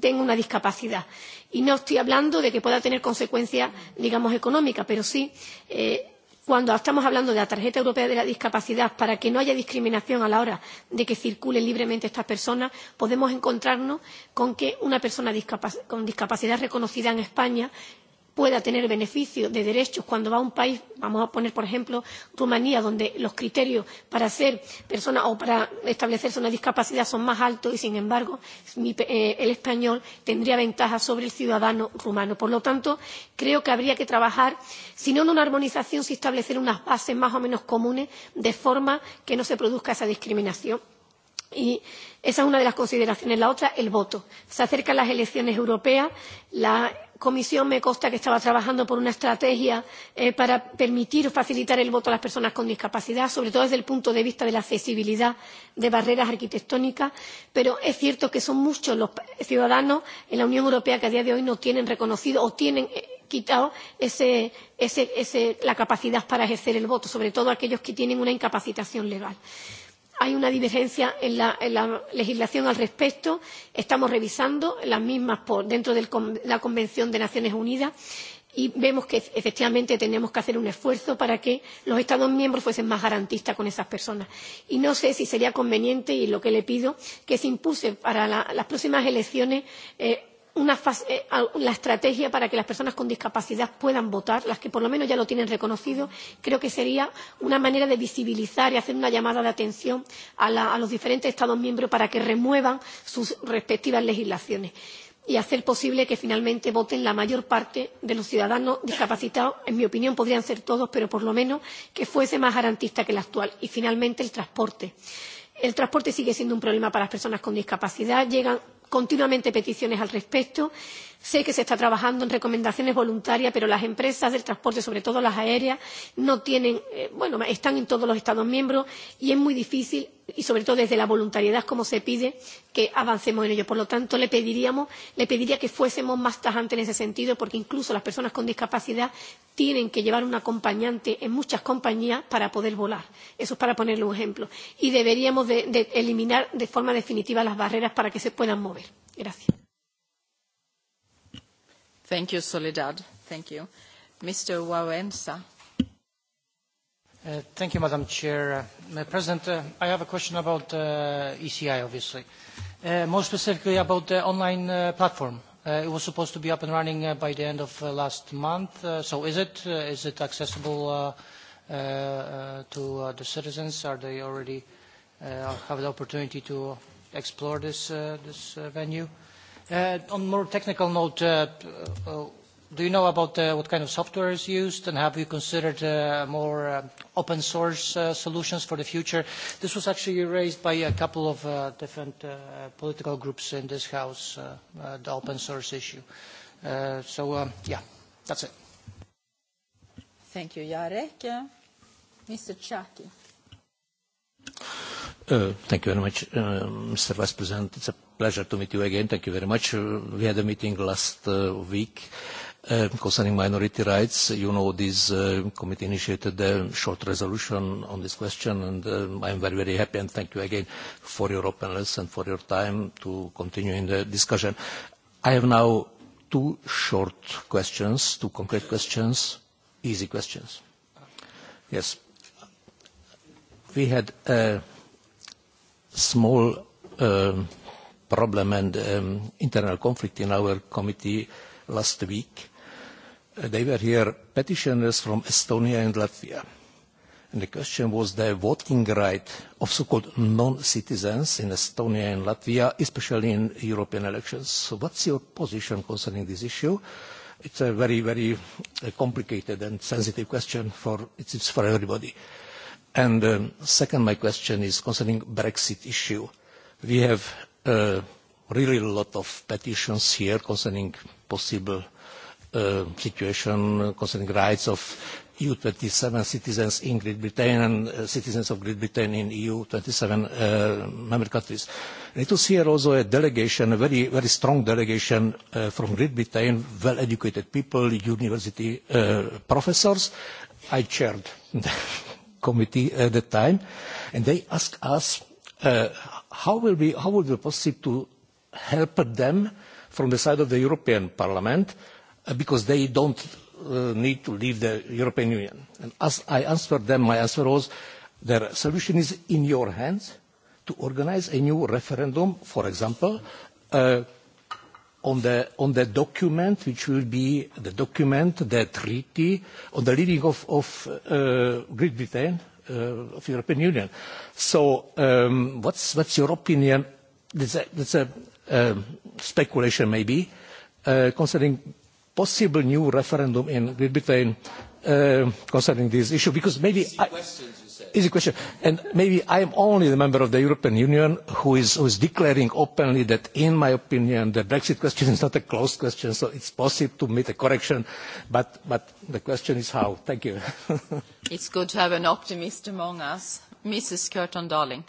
tenga una discapacidad. Y no estoy hablando de que pueda tener consecuencias, digamos, económicas, pero sí. Eh, cuando estamos hablando de la tarjeta europea de la discapacidad para que no haya discriminación a la hora de que circulen libremente estas personas podemos encontrarnos con que una persona con discapacidad reconocida en españa pueda tener beneficio de derechos cuando va a un país, vamos a poner por ejemplo Rumanía, donde los criterios para ser persona o para establecerse una discapacidad son más altos y sin embargo el español tendría ventaja sobre el ciudadano rumano. Por lo tanto, creo que habría que trabajar, si no en una armonización, sí establecer unas bases más o menos comunes de forma que no se produzca esa discriminación. Y esa es una de las consideraciones. La otra, el voto. Se acercan las elecciones europeas. La comisión me consta que estaba trabajando por una estrategia para permitir o facilitar el voto a las personas con discapacidad, sobre todo desde el punto de vista de la accesibilidad de barreras arquitectónicas, pero es cierto que son muchos los ciudadanos en la Unión Europea que a día de hoy no tienen reconocido o tienen quitado ese, ese, ese, la capacidad para ejercer el voto, sobre todo aquellos que tienen una incapacitación legal hay una divergencia en la, en la legislación al respecto. Estamos revisando las mismas por, dentro de la Convención de Naciones Unidas y vemos que efectivamente tenemos que hacer un esfuerzo para que los Estados miembros fuesen más garantistas con esas personas. Y no sé si sería conveniente, y lo que le pido, que se impulse para las próximas elecciones la estrategia para que las personas con discapacidad puedan votar, las que por lo menos ya lo tienen reconocido, creo que sería una manera de visibilizar y hacer una llamada de atención a, los diferentes Estados miembros para que remuevan sus respectivas legislaciones y hacer posible que finalmente voten la mayor parte de los ciudadanos discapacitados. En mi opinión podrían ser todos, pero por lo menos que fuese más garantista que el actual. Y finalmente el transporte. El transporte sigue siendo un problema para las personas con discapacidad. Llegan continuamente peticiones al respecto Sé que se está trabajando en recomendaciones voluntarias, pero las empresas del transporte, sobre todo las aéreas, no tienen, bueno, están en todos los Estados miembros y es muy difícil y sobre todo desde la voluntariedad como se pide que avancemos en ello. Por lo tanto, le le pediría que fuésemos más tajantes en ese sentido, porque incluso las personas con discapacidad tienen que llevar un acompañante en muchas compañías para poder volar. Eso es para ponerle un ejemplo. Y deberíamos de, de eliminar de forma definitiva las barreras para que se puedan mover. Gracias.
Thank you, Soledad. Thank you. Mr. Wałęsa.
Thank you, Madam Chair. President, I have a question about ECI, obviously. More specifically about the online platform. It was supposed to be up and running by the end of last month. So is it? Is it accessible to the citizens? Are they already have the opportunity to explore this venue? On more technical note, do you know about what kind of software is used, and have you considered more open source solutions for the future? This was actually raised by a couple of different political groups in this house, the open source issue. So, yeah, that's it.
Thank you, Jarek. Mr. Chaki.
Thank you very much, Mr. Vice President. It's a pleasure to meet you again. Thank you very much. We had a meeting last week concerning minority rights. You know, this committee initiated a short resolution on this question, and I'm very, very happy, and thank you again for your openness and for your time to continue in the discussion. I have now two short questions, two concrete questions, easy questions. Yes. We had a small problem and internal conflict in our committee last week. They were here petitioners from Estonia and Latvia. And the question was the voting right of so-called non-citizens in Estonia and Latvia, especially in European elections. So what's your position concerning this issue? It's a very, very complicated and sensitive question for, it's for everybody. Uh, And second, my question is concerning Brexit issue. We have really a lot of petitions here concerning possible situation concerning rights of EU twenty seven citizens in Great Britain and citizens of Great Britain in EU twenty seven member countries. It was here also a delegation, a very, very strong delegation from Great Britain, well-educated people, university professors. I chaired committee at the time, and they asked us uh, how will we, how would it be possible to help them from the side of the European Parliament uh, because they don't uh, need to leave the European Union. And as I answered them, my answer was the solution is in your hands to organize a new referendum, for example, uh, on the on the document which will be the document the treaty on the leading of of uh, Great Britain uh, of European Union. So um, what's what's your opinion? That's a, that's a um, speculation maybe uh, concerning possible new referendum in Great Britain uh, concerning this issue because maybe. I, questions easy question. And maybe I am only the member of the European Union who is, who is declaring openly that, in my opinion, the Brexit question is not a closed question, so it's possible to meet a correction, but, but the question is how. Thank you.
it's good to have an optimist among us. Mrs.
Curtin-Darling.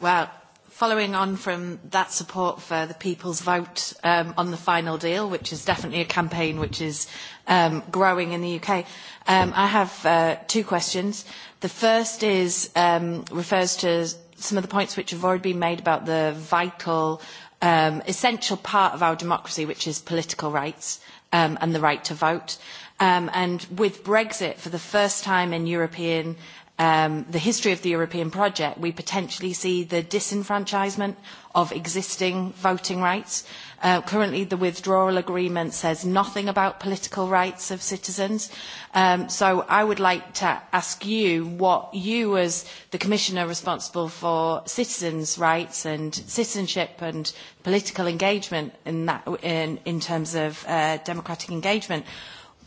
well, following on from that support for the people's vote um, on the final deal, which is definitely a campaign which is um, growing in the UK, um, I have uh, two questions. The first is um, refers to some of the points which have already been made about the vital, um, essential part of our democracy, which is political rights um, and the right to vote. Um, and with Brexit, for the first time in European um, the history of the European project, we potentially see the disenfranchisement of existing voting rights. Uh, currently, the withdrawal agreement says nothing about political rights of citizens. Um, so I would like to ask you what you, as the Commissioner responsible for citizens' rights and citizenship and political engagement in, that, in, in terms of uh, democratic engagement,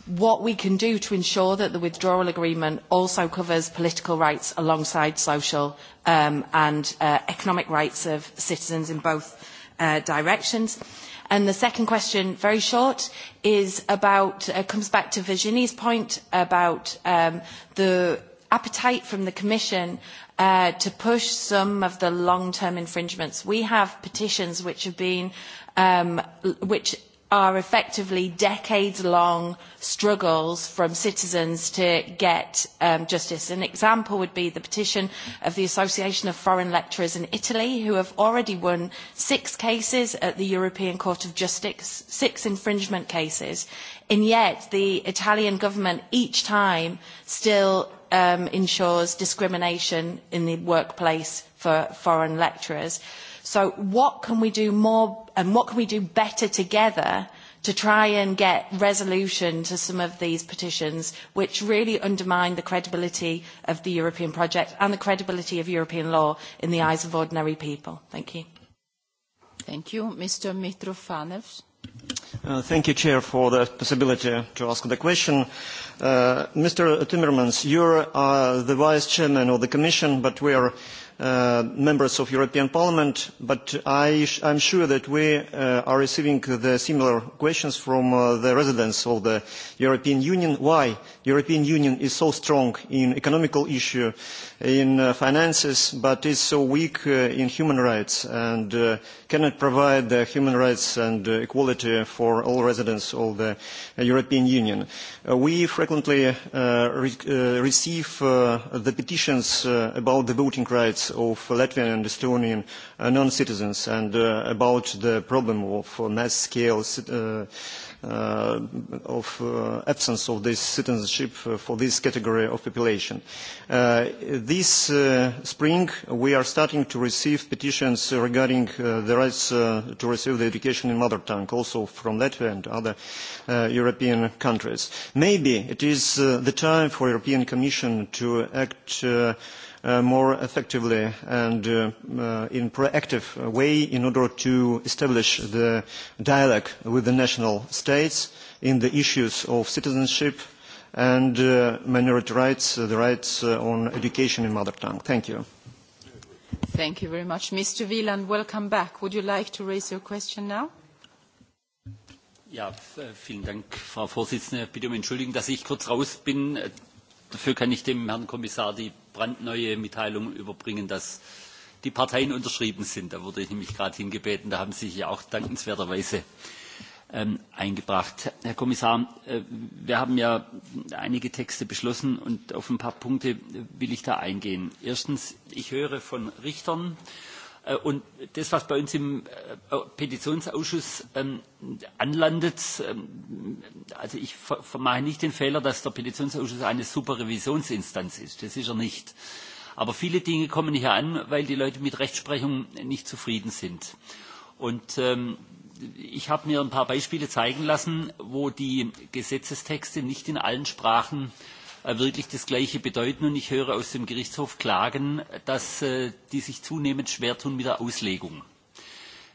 what we can do to ensure that the withdrawal agreement also covers political rights alongside social and economic rights of citizens in both directions. And the second question, very short, is about, uh, comes back to Virginie's point about um, the appetite from the Commission uh, to push some of the long-term infringements. We have petitions which have been, um, which are effectively decades long struggles from citizens to get um, justice. An example would be the petition of the Association of Foreign Lecturers in Italy, who have already won six cases at the European Court of Justice, six infringement cases, and yet the Italian government each time still um, ensures discrimination in the workplace for foreign lecturers. So what can we do more and what can we do better together to try and get resolution to some of these petitions which really undermine the credibility of the European project and the credibility of European law in the eyes of ordinary people. Thank you. Thank you. Mr. Mitrofanov.
Uh, thank you, Chair, for the possibility to ask the question. Uh, Mr. Timmermans, you're uh, the Vice Chairman of the Commission, but we are members of European Parliament, but I am sure that we are receiving the similar questions from the residents of the European Union. Why European Union is so strong in economical issues, in finances, but is so weak in human rights and cannot provide human rights and equality for all residents of the European Union. we frequently receive the petitions about the voting rights of Latvian and Estonian non-citizens and about the problem of mass-scale uh, of uh, absence of this citizenship for this category of population. Uh, this uh, spring, we are starting to receive petitions regarding uh, the rights uh, to receive the education in mother tongue, also from Latvia and other uh, European countries. Maybe it is uh, the time for European Commission to act uh, more effectively and in a proactive way in order to establish the dialogue with the national states in the issues of citizenship and minority rights, the rights on education in mother tongue. Thank you.
Thank you very much. Mr. Wieland, welcome back. Would you like to raise your question now?
Ja, vielen Dank, Frau Vorsitzende. Bitte um Entschuldigung, dass ich kurz raus bin. Dafür kann ich dem Herrn Kommissar die brandneue Mitteilung überbringen, dass die Parteien unterschrieben sind. Da wurde ich nämlich gerade hingebeten. Da haben Sie sich ja auch dankenswerterweise eingebracht. Herr Kommissar, wir haben ja einige Texte beschlossen und auf ein paar Punkte will ich da eingehen. Erstens, ich höre von Richtern, äh, Und das, was bei uns im Petitionsausschuss anlandet, also ich mache nicht den Fehler, dass der Petitionsausschuss eine Superrevisionsinstanz ist. Das ist er nicht. Aber viele Dinge kommen hier an, weil die Leute mit Rechtsprechung nicht zufrieden sind. Und ich habe mir ein paar Beispiele zeigen lassen, wo die Gesetzestexte nicht in allen Sprachen äh, wirklich das Gleiche bedeuten. Und ich höre aus dem Gerichtshof Klagen, dass die sich zunehmend schwer tun mit der Auslegung.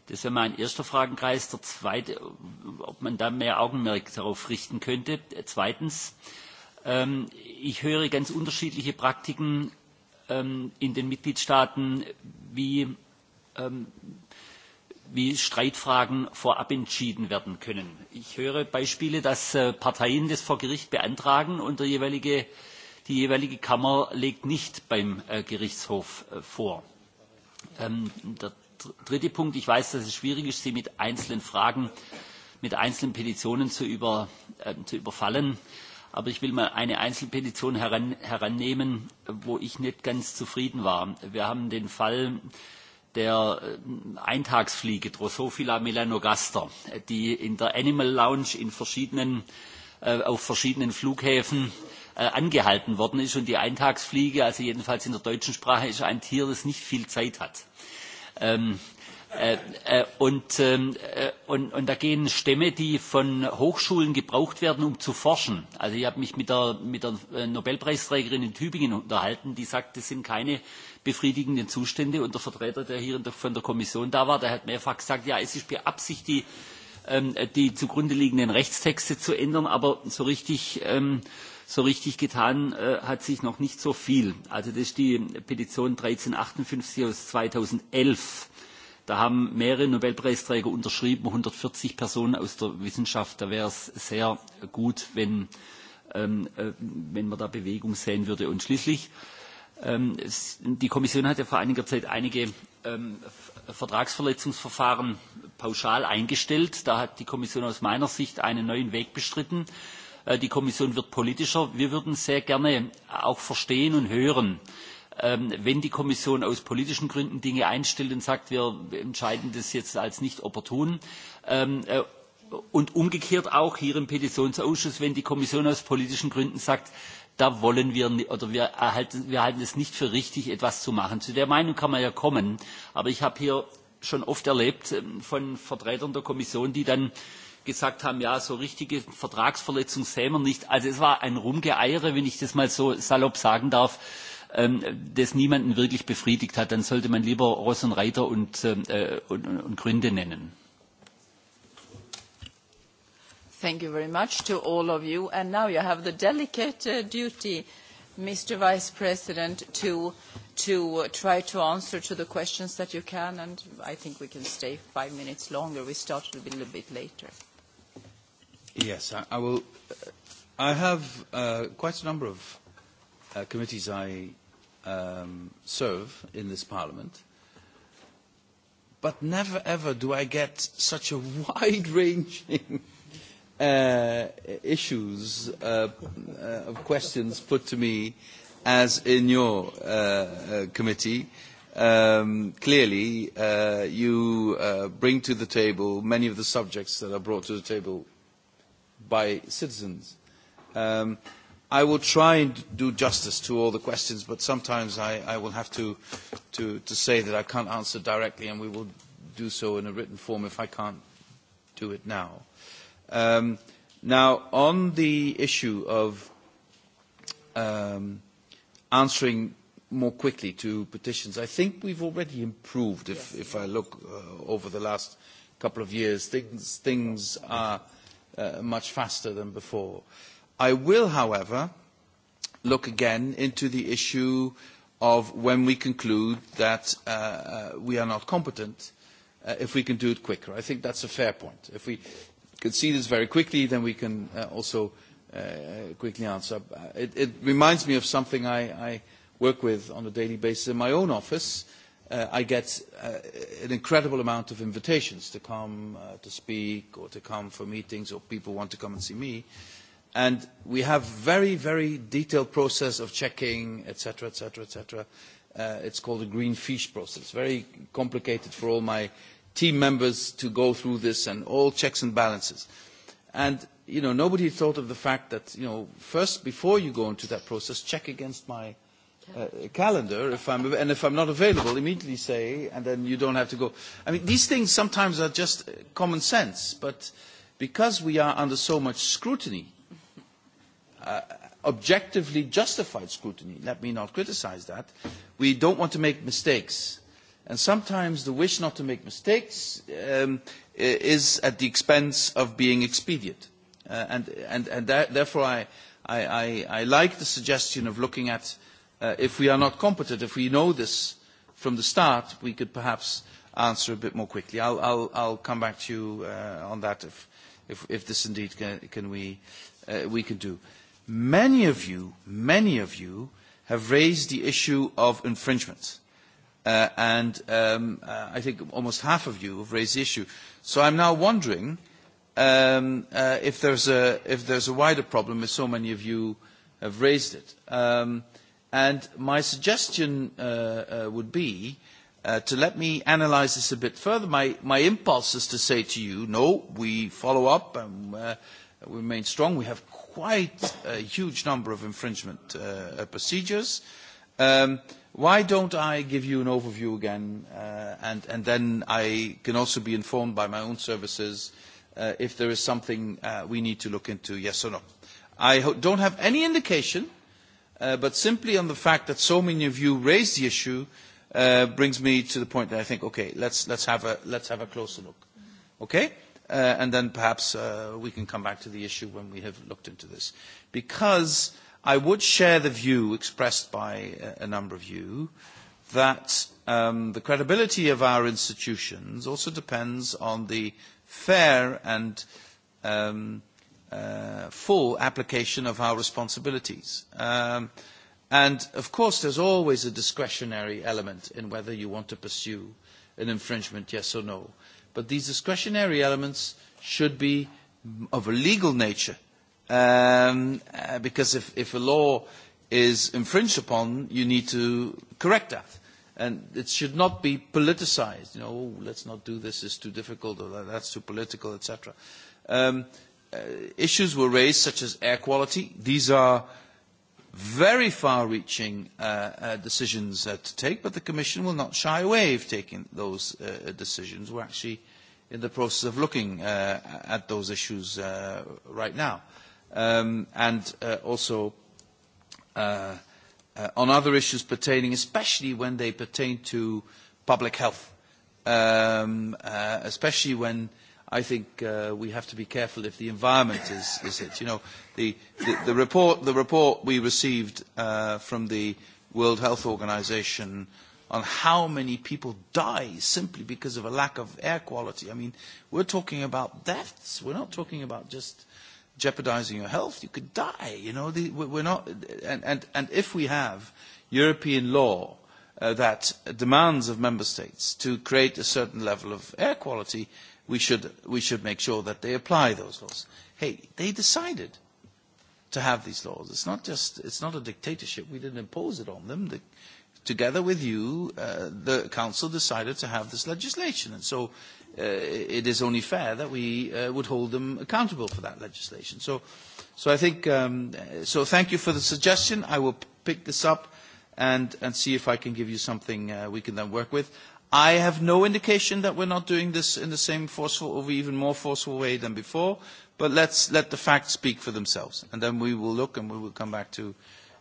Das wäre mein erster Fragenkreis. Der zweite, ob man da mehr Augenmerk darauf richten könnte. Zweitens, ich höre ganz unterschiedliche Praktiken in den Mitgliedstaaten, wie wie Streitfragen vorab entschieden werden können. Ich höre Beispiele, dass Parteien das vor Gericht beantragen und die jeweilige Kammer legt nicht beim Gerichtshof vor. Der dritte Punkt, ich weiß, dass es schwierig ist, Sie mit einzelnen Fragen, mit einzelnen Petitionen zu überfallen. Aber ich will mal eine Einzelpetition herannehmen, wo ich nicht ganz zufrieden war. Wir haben den Fall der Eintagsfliege Drosophila melanogaster, die in der Animal Lounge in verschiedenen, auf verschiedenen Flughäfen angehalten worden ist. Und die Eintagsfliege, also jedenfalls in der deutschen Sprache, ist ein Tier, das nicht viel Zeit hat. und, da gehen Stämme, die von Hochschulen gebraucht werden, um zu forschen. Also ich habe mich mit der, Nobelpreisträgerin in Tübingen unterhalten, die sagt, das sind keine befriedigenden Zustände. Und der Vertreter, der hier von der Kommission da war, der hat mehrfach gesagt, ja, es ist beabsichtigt, die, ähm, die zugrunde liegenden Rechtstexte zu ändern, aber so richtig... Ähm, so richtig getan hat sich noch nicht so viel. Also das ist die Petition 1358 aus 2011. Da haben mehrere Nobelpreisträger unterschrieben, 140 Personen aus der Wissenschaft. Da wäre es sehr gut, wenn, wenn man da Bewegung sehen würde. Und schließlich Die Kommission hat ja vor einiger Zeit einige Vertragsverletzungsverfahren pauschal eingestellt. Da hat die Kommission aus meiner Sicht einen neuen Weg bestritten. Die Kommission wird politischer. Wir würden sehr gerne auch verstehen und hören, wenn die Kommission aus politischen Gründen Dinge einstellt und sagt, wir entscheiden das jetzt als nicht opportun. Und umgekehrt auch hier im Petitionsausschuss, wenn die Kommission aus politischen Gründen sagt, da wollen wir, oder wir, erhalten, wir halten es nicht für richtig, etwas zu machen. Zu der Meinung kann man ja kommen, aber ich habe hier schon oft erlebt von Vertretern der Kommission, die dann gesagt haben, ja, so richtige Vertragsverletzung sehen wir nicht. Also es war ein Rumgeeiere, wenn ich das mal so salopp sagen darf, das niemanden wirklich befriedigt hat. Dann sollte man lieber Ross und Reiter und, Gründe nennen.
Thank you very much to all of you. And now you have the delicate uh, duty, Mr. Vice President, to, to try to answer to the questions that you can. And I think we can stay five minutes longer. We started a little bit later.
Yes, I, I will. I have uh, quite a number of uh, committees I um, serve in this Parliament, but never ever do I get such a wide-ranging uh, issues uh, uh, of questions put to me as in your uh, uh, committee. Um, clearly, uh, you uh, bring to the table many of the subjects that are brought to the table by citizens. Um, I will try and do justice to all the questions, but sometimes I, I will have to, to, to say that I can't answer directly, and we will do so in a written form if I can't do it now Um, now, on the issue of um, answering more quickly to petitions, I think we've already improved. If, if I look uh, over the last couple of years, things, things are uh, much faster than before. I will, however, look again into the issue of when we conclude that uh, we are not competent, uh, if we can do it quicker. I think that's a fair point. If we, could see this very quickly, then we can uh, also uh, quickly answer. It, it reminds me of something I, I work with on a daily basis in my own office. Uh, I get uh, an incredible amount of invitations to come uh, to speak or to come for meetings or people want to come and see me. And we have very, very detailed process of checking, etc., etc., etc. It's called a green fish process, very complicated for all my team members to go through this and all checks and balances. And, you know, nobody thought of the fact that, you know, first, before you go into that process, check against my uh, calendar, if I'm, and if I'm not available, immediately say, and then you don't have to go. I mean, these things sometimes are just common sense, but because we are under so much scrutiny, uh, objectively justified scrutiny, let me not criticize that, we don't want to make mistakes And sometimes the wish not to make mistakes is at the expense of being expedient. and therefore, I, I, I like the suggestion of looking at if we are not competent, if we know this from the start, we could perhaps answer a bit more quickly. I'll, I'll, I'll come back to you uh, on that if, if, if this indeed can, can we, uh, we can do. Many of you, many of you have raised the issue of infringement. Uh, and um, uh, I think almost half of you have raised the issue. So I'm now wondering um, uh, if, there's a, if there's a wider problem, as so many of you have raised it. Um, and my suggestion uh, uh, would be to let me analyse this a bit further. My, my impulse is to say to you, no, we follow up and uh, we remain strong. We have quite a huge number of infringement uh, procedures. Um, Why don't I give you an overview again, uh, and, and then I can also be informed by my own services uh, if there is something uh, we need to look into, yes or no. I ho- don't have any indication, uh, but simply on the fact that so many of you raised the issue uh, brings me to the point that I think, okay, let's, let's, have, a, let's have a closer look. Okay? Uh, and then perhaps uh, we can come back to the issue when we have looked into this. Because I would share the view expressed by a number of you that the credibility of our institutions also depends on the fair and full application of our responsibilities. and of course, there's always a discretionary element in whether you want to pursue an infringement, yes or no. But these discretionary elements should be of a legal nature um, because if, if a law is infringed upon, you need to correct that. And it should not be politicized. You know, oh, let's not do this, it's too difficult, or that's too political, etc. Um, uh, issues were raised such as air quality. These are very far-reaching uh, uh, decisions uh, to take, but the Commission will not shy away of taking those uh, decisions. We're actually in the process of looking uh, at those issues uh, right now. Uh, and also on other issues pertaining, especially when they pertain to public health, especially when I think we have to be careful if the environment is, is it. You know, the, the, the, report, the report we received from the World Health Organization on how many people die simply because of a lack of air quality. I mean, we're talking about deaths. We're not talking about just jeopardizing your health, you could die. You know, the, we're not, and, and, and if we have European law uh, that demands of member states to create a certain level of air quality, we should, we should make sure that they apply those laws. Hey, they decided to have these laws. It's not just, it's not a dictatorship. We didn't impose it on them. The, together with you, uh, the council decided to have this legislation. And so uh, it is only fair that we uh, would hold them accountable for that legislation. So, so I think, um, so thank you for the suggestion. I will pick this up and, and see if I can give you something uh, we can then work with. I have no indication that we're not doing this in the same forceful or even more forceful way than before, but let's let the facts speak for themselves, and then we will look and we will come back to,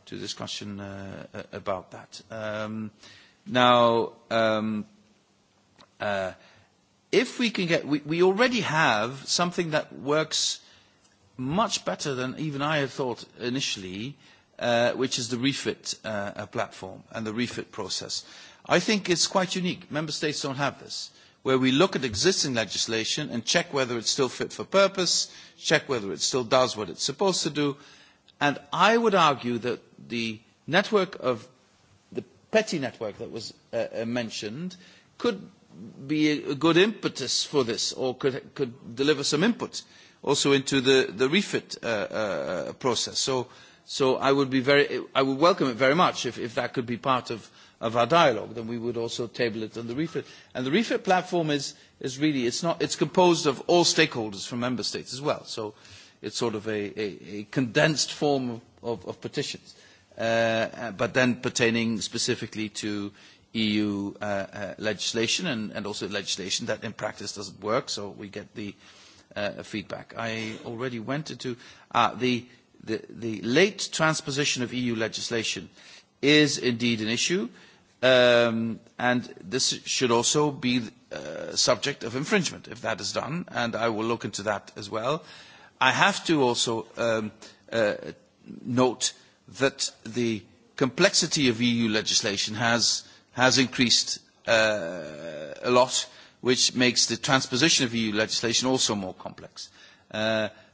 to discussion uh, about that. Um, now, um, uh, if we can get, we, we already have something that works much better than even I had thought initially, uh, which is the refit uh, platform and the refit process. I think it's quite unique. Member states don't have this, where we look at existing legislation and check whether it's still fit for purpose, check whether it still does what it's supposed to do. And I would argue that the network of the petty network that was uh, mentioned could be a good impetus for this or could, could deliver some input also into the, the refit uh, uh, process. So, so I, would be very, I would welcome it very much if, if that could be part of, of our dialogue. Then we would also table it on the refit. And the refit platform is, is really, it's, not, it's composed of all stakeholders from member states as well. So it's sort of a, a, a condensed form of, of, of petitions. Uh, but then pertaining specifically to EU uh, uh, legislation and, and also legislation that in practice doesn't work, so we get the uh, feedback. I already went into uh, the, the, the late transposition of EU legislation is indeed an issue, um, and this should also be uh, subject of infringement if that is done, and I will look into that as well. I have to also um, uh, note that the complexity of EU legislation has has increased a lot, which makes the transposition of EU legislation also more complex.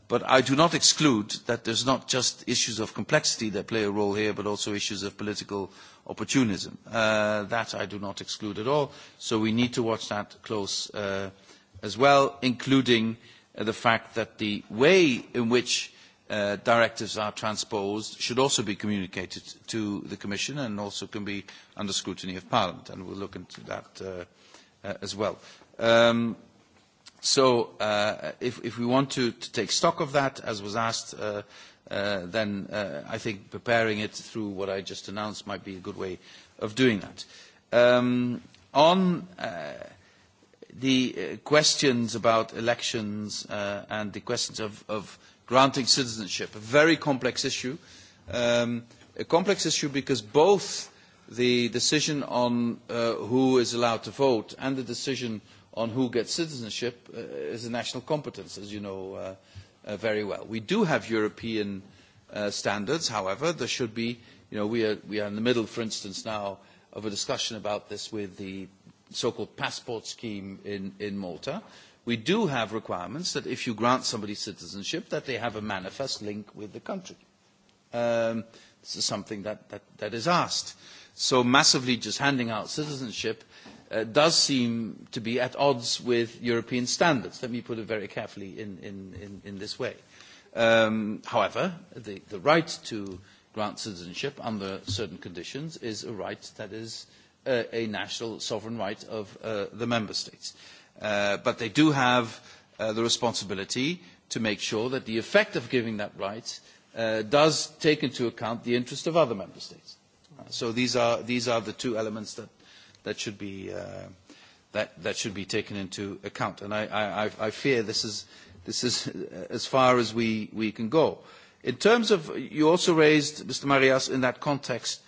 but I do not exclude that there are not just issues of complexity that play a role here, but also issues of political opportunism. that I do not exclude at all. So we need to watch that close as well, including the fact that the way in which directives are transposed should also be communicated to the Commission and also can be under scrutiny of Parliament, and we'll look into that as well. so if, we want to, take stock of that, as was asked, then I think preparing it through what I just announced might be a good way of doing that. on the questions about elections and the questions of granting citizenship, a very complex issue. a complex issue because both the decision on who is allowed to vote and the decision on who gets citizenship is a national competence, as you know very well. We do have European standards, however, there should be, you know, we are, we are in the middle, for instance, now of a discussion about this with the so-called passport scheme in, in Malta we do have requirements that if you grant somebody citizenship, that they have a manifest link with the country. Um, this is something that, that, that is asked. So massively just handing out citizenship uh, does seem to be at odds with European standards. Let me put it very carefully in, in, in, in this way. Um, however, the, the right to grant citizenship under certain conditions is a right that is uh, a national sovereign right of uh, the member states. Uh, but they do have the responsibility to make sure that the effect of giving that right does take into account the interest of other member states. So these are, these are the two elements that, that, should be, that, that should be taken into account. And I, I, I fear this is, this is as far as we, we can go. In terms of, you also raised, Mr. Marias, in that context,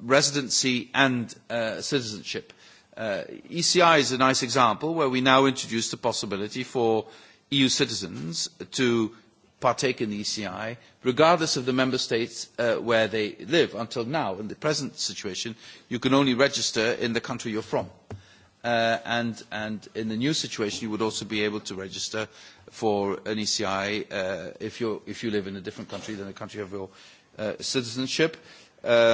residency and citizenship The ECI is a nice example where we now introduce the possibility for EU citizens to partake in the ECI, regardless of the member states where they live. Until now, in the present situation, you can only register in the country you're from. and, in the new situation, you would also be able to register for an ECI if, you're, if you live in a different country than the country of your citizenship. I,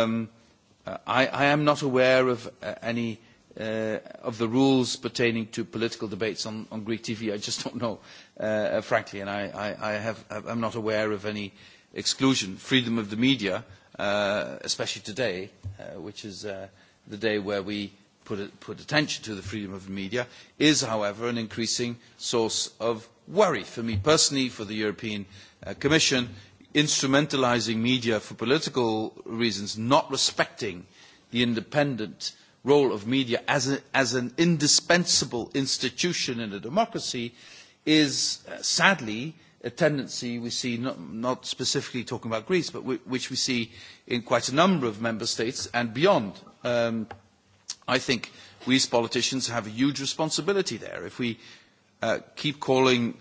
am not aware of any of the rules pertaining to political debates on, on Greek TV. I just don't know, uh, frankly, and I, I, I have, I'm not aware of any exclusion. Freedom of the media, uh, especially today, uh, which is uh, the day where we put, a, put attention to the freedom of the media, is, however, an increasing source of worry for me personally, for the European uh, Commission, instrumentalising media for political reasons, not respecting the independent role of media as, an indispensable institution in a democracy is sadly a tendency we see, not, specifically talking about Greece, but which we see in quite a number of member states and beyond. I think we as politicians have a huge responsibility there. If we keep calling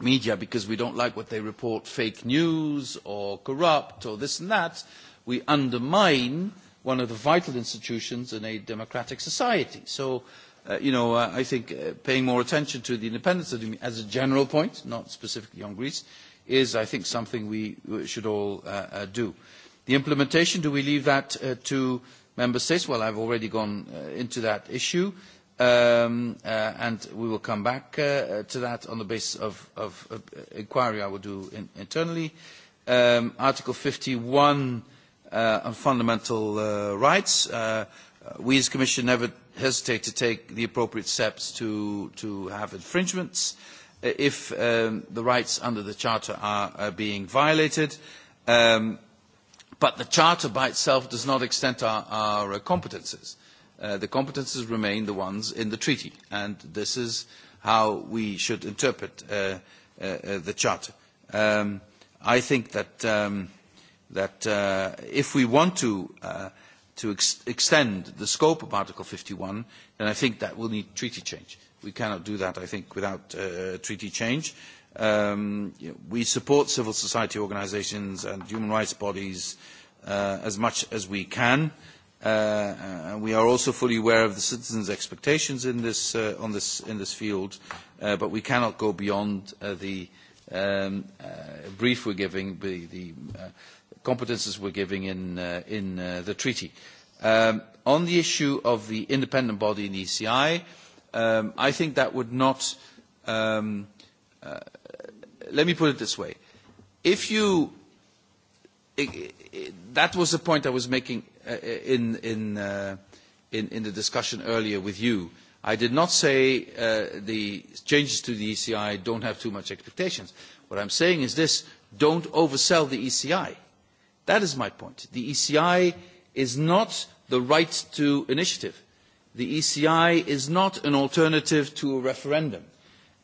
media because we don't like what they report fake news or corrupt or this and that, we undermine one of the vital institutions in a democratic society. So, you know, I think paying more attention to the independence of the, as a general point, not specifically on Greece, is, I think, something we should all do. The implementation, do we leave that to member states? Well, I've already gone into that issue, and we will come back to that on the basis of, inquiry I will do internally. Article fifty one on fundamental rights. we as Commission never hesitate to take the appropriate steps to, to have infringements if the rights under the Charter are, being violated. but the Charter by itself does not extend our, our competences. the competences remain the ones in the treaty, and this is how we should interpret the Charter. I think that that uh, if we want to, uh, to ex extend the scope of Article 51, then I think that will need treaty change. We cannot do that, I think, without uh, treaty change. Um, you know, we support civil society organisations and human rights bodies uh, as much as we can. Uh, and we are also fully aware of the citizens' expectations in this, uh, on this, in this field, uh, but we cannot go beyond uh, the um, uh, brief we're giving, the, the uh, competences we are giving in, uh, in uh, the treaty. Um, on the issue of the independent body in the ECI, um, I think that would not. Um, uh, let me put it this way: if you, it, it, that was the point I was making uh, in in, uh, in in the discussion earlier with you. I did not say uh, the changes to the ECI don't have too much expectations. What I'm saying is this: don't oversell the ECI That is my point. The ECI is not the right to initiative. The ECI is not an alternative to a referendum.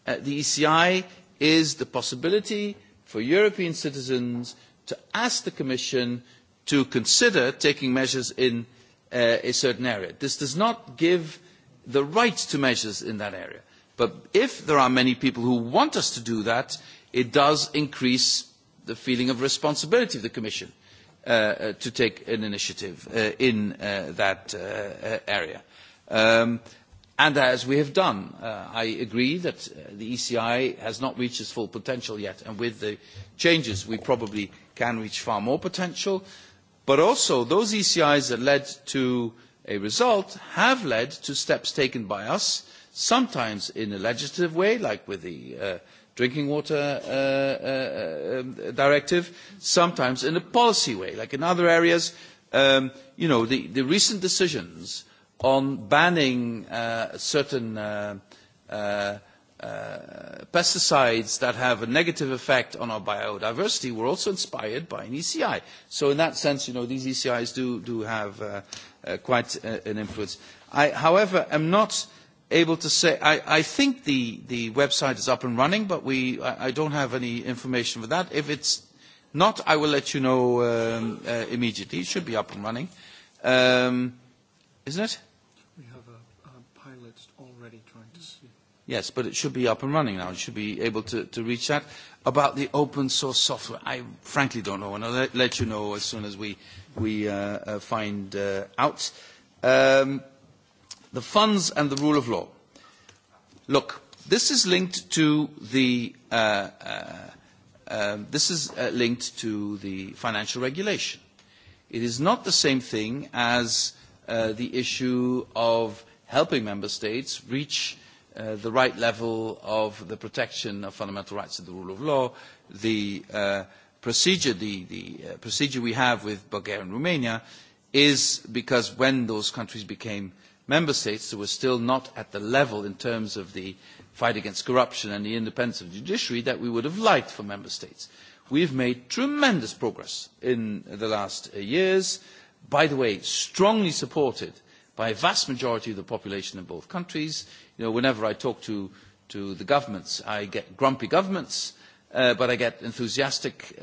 the ECI is the possibility for European citizens to ask the Commission to consider taking measures in a certain area. This does not give the right to measures in that area. But if there are many people who want us to do that, it does increase the feeling of responsibility of the Commission to take an initiative in that area. and as we have done, I agree that the ECI has not reached its full potential yet, and with the changes we probably can reach far more potential. But also, those ECIs that led to a result have led to steps taken by us, sometimes in a legislative way, like with the drinking water directive, sometimes in a policy way, like in other areas. you know, the, recent decisions on banning certain pesticides that have a negative effect on our biodiversity were also inspired by an ECI. So in that sense, you know, these ECIs do, do have quite an influence. I, however, am not able to say, I, I think the, the website is up and running, but we, I, I don't have any information for that. If it's not, I will let you know um, uh, immediately. It should be up and running. Um, isn't it?
We have a, a pilot already trying to see.
Yes, but it should be up and running now. It should be able to, to reach that. About the open source software, I frankly don't know, and I'll let, let you know as soon as we, we uh, uh, find uh, out. Um, the funds and the rule of law. Look, this is linked to the uh, uh, this is uh, linked to the financial regulation. It is not the same thing as uh, the issue of helping member states reach uh, the right level of the protection of fundamental rights and the rule of law, the uh, procedure, the, the uh, procedure we have with Bulgaria and Romania is because when those countries became uh, member states that were still not at the level in terms of the fight against corruption and the independence of the judiciary that we would have liked for member states. We have made tremendous progress in the last years, by the way, strongly supported by a vast majority of the population in both countries. whenever I talk to, the governments, I get grumpy governments, but I get enthusiastic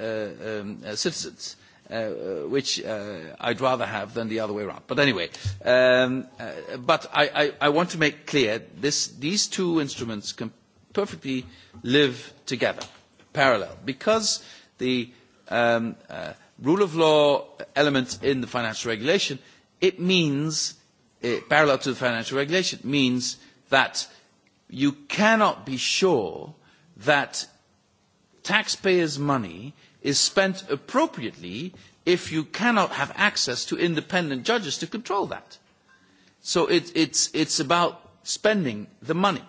citizens which uh, I'd rather have than the other way around. But anyway, but I, I, I want to make clear this, these two instruments can perfectly live together, parallel, because the rule of law element in the financial regulation, it means, parallel to the financial regulation, means that you cannot be sure that taxpayers' money – is spent appropriately if you cannot have access to independent judges to control that. So it, it's, it's about spending the money.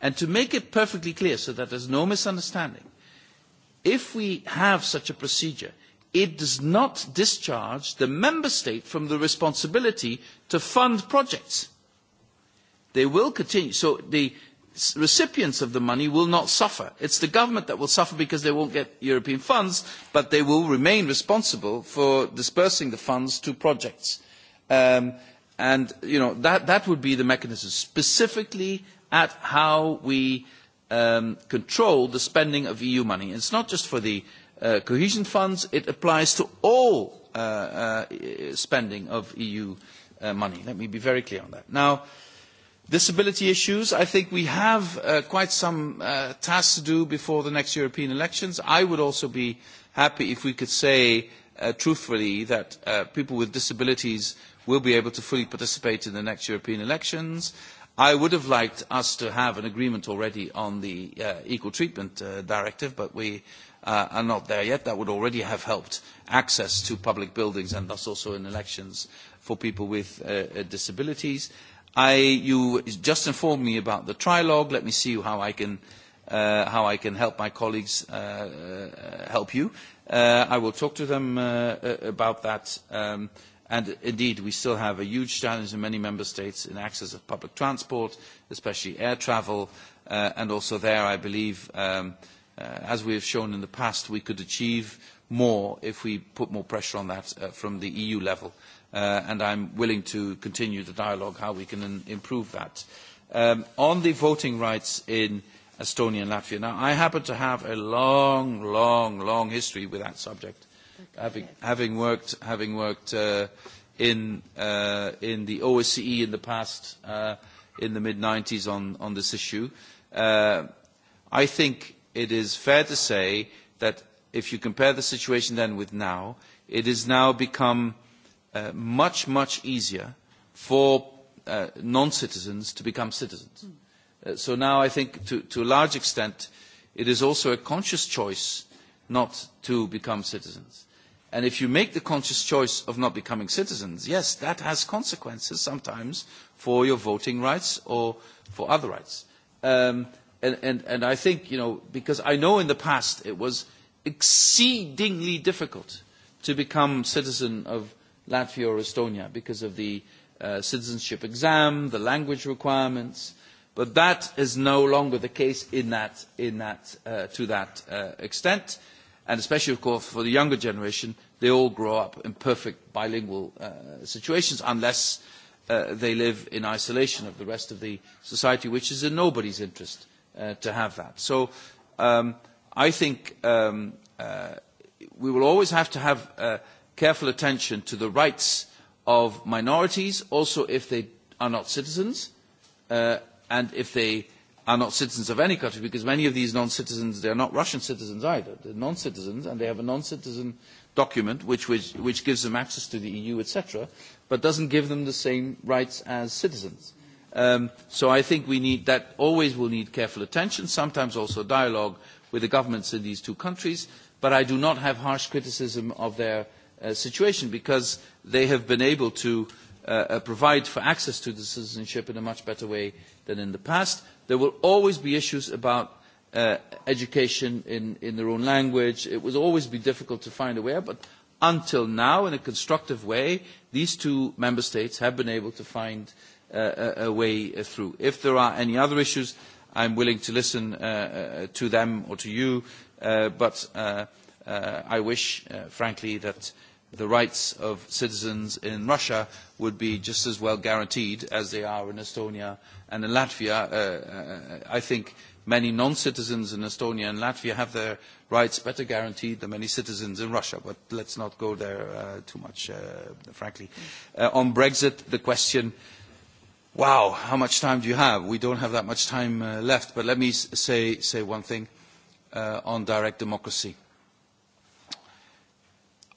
And to make it perfectly clear so that there's no misunderstanding, if we have such a procedure, it does not discharge the member state from the responsibility to fund projects. They will continue. So the, recipients of the money will not suffer. It is the government that will suffer because they will not get European funds, but they will remain responsible for dispersing the funds to projects. and that, would be the mechanism, specifically at how we control the spending of EU money. It is not just for the cohesion funds, it applies to all spending of EU money. Let me be very clear on that. Now, Disability issues, I think we have uh, quite some uh, tasks to do before the next European elections. I would also be happy if we could say uh, truthfully that uh, people with disabilities will be able to fully participate in the next European elections. I would have liked us to have an agreement already on the uh, Equal Treatment uh, Directive, but we uh, are not there yet. That would already have helped access to public buildings and thus also in elections for people with uh, disabilities. I, you just informed me about the trilogue. Let me see how I can, uh, how I can help my colleagues uh, help you. Uh, I will talk to them uh, about that. Um, and indeed, we still have a huge challenge in many member states in access of public transport, especially air travel. Uh, and also there, I believe, um, uh, as we have shown in the past, we could achieve more if we put more pressure on that uh, from the EU level and I'm willing to continue the dialogue on how we can improve that. on the voting rights in Estonia and Latvia, now I happen to have a long, long, long history with that subject, having, worked, having worked in, in the OSCE in the past, in the mid-90s on, on this issue. I think it is fair to say that if you compare the situation then with now, it has now become – uh, much, much easier for uh, non-citizens to become citizens. Uh, so now I think to, to a large extent it is also a conscious choice not to become citizens. And if you make the conscious choice of not becoming citizens, yes, that has consequences sometimes for your voting rights or for other rights. Um, and, and, and I think, you know, because I know in the past it was exceedingly difficult to become citizen of Latvia or Estonia because of the citizenship exam, the language requirements, but that is no longer the case in that, in that, uh, to that uh, extent. And especially, of course, for the younger generation, they all grow up in perfect bilingual uh, situations unless uh, they live in isolation of the rest of the society, which is in nobody's interest uh, to have that. So um, I think um, uh, we will always have to have uh, careful attention to the rights of minorities, also if they are not citizens, and if they are not citizens of any country, because many of these non-citizens, they are not Russian citizens either. They're non-citizens, and they have a non-citizen document which, which, which gives them access to the EU, etc., but doesn't give them the same rights as citizens. Um, so I think we need that always will need careful attention, sometimes also dialogue with the governments in these two countries, but I do not have harsh criticism of their situation because they have been able to provide for access to the citizenship in a much better way than in the past. There will always be issues about education in, in their own language. It will always be difficult to find a way, but until now, in a constructive way, these two member states have been able to find a way through. If there are any other issues, I am willing to listen to them or to you, but I wish, frankly, that the rights of citizens in Russia would be just as well guaranteed as they are in Estonia and in Latvia. I think many non-citizens in Estonia and Latvia have their rights better guaranteed than many citizens in Russia, but let's not go there too much, frankly. on Brexit, the question, wow, how much time do you have? We don't have that much time left, but let me say, one thing on direct democracy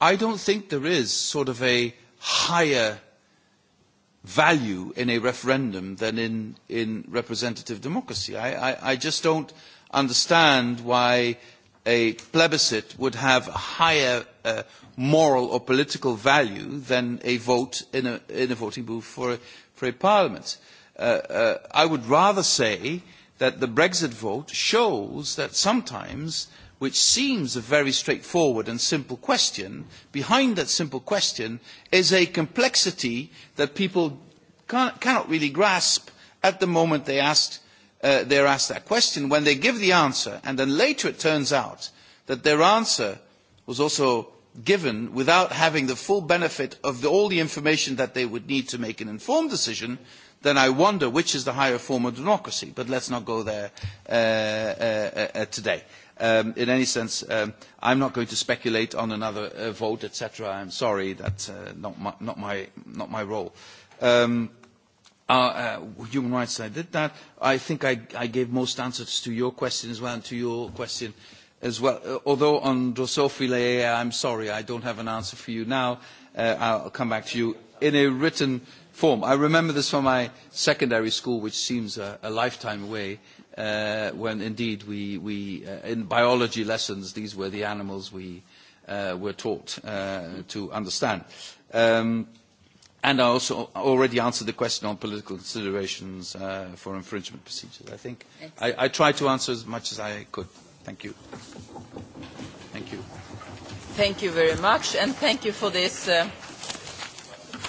I don't think there is sort of a higher value in a referendum than in, in representative democracy. I, I, I just don't understand why a plebiscite would have higher uh, moral or political value than a vote in a, in a voting booth for a, for a parliament. Uh, uh, I would rather say that the Brexit vote shows that sometimes which seems a very straightforward and simple question, behind that simple question is a complexity that people cannot really grasp at the moment they are asked that question. When they give the answer, and then later it turns out that their answer was also given without having the full benefit of all the information that they would need to make an informed decision, then I wonder which is the higher form of democracy. But let's not go there today in any sense, I am not going to speculate on another vote, etc. I am sorry, that's uh, not, my, not, my, not my role. human rights, I did that. I think I, I gave most answers to your question as well and to your question as well. Although on Drosophila, I am sorry, I don't have an answer for you now. Uh I'll come back to you in a written form. I remember this from my secondary school, which seems a, a lifetime away uh, when indeed we, we uh, in biology lessons, these were the animals we uh, were taught uh, to understand. Um, and I also already answered the question on political considerations uh, for infringement procedures. I think I, I tried to answer as much as I could. Thank you. Thank you.
Thank you very much, and thank you for this. Uh,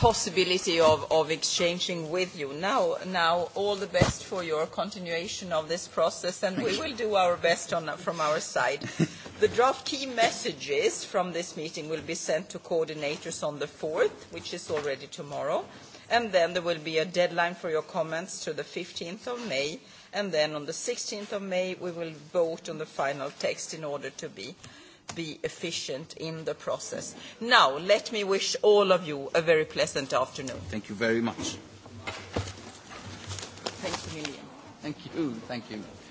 possibility of, of exchanging with you. Now, now, all the best for your continuation of this process, and we will do our best on, from our side. The draft key messages from this meeting will be sent to coordinators on the 4th, which is already tomorrow, and then there will be a deadline for your comments to the 15th of May, and then on the 16th of May, we will vote on the final text in order to be be efficient in the process. Now, let me wish all of you a very pleasant
afternoon. Thank you very much. Thank you, Million. Thank you. Thank you.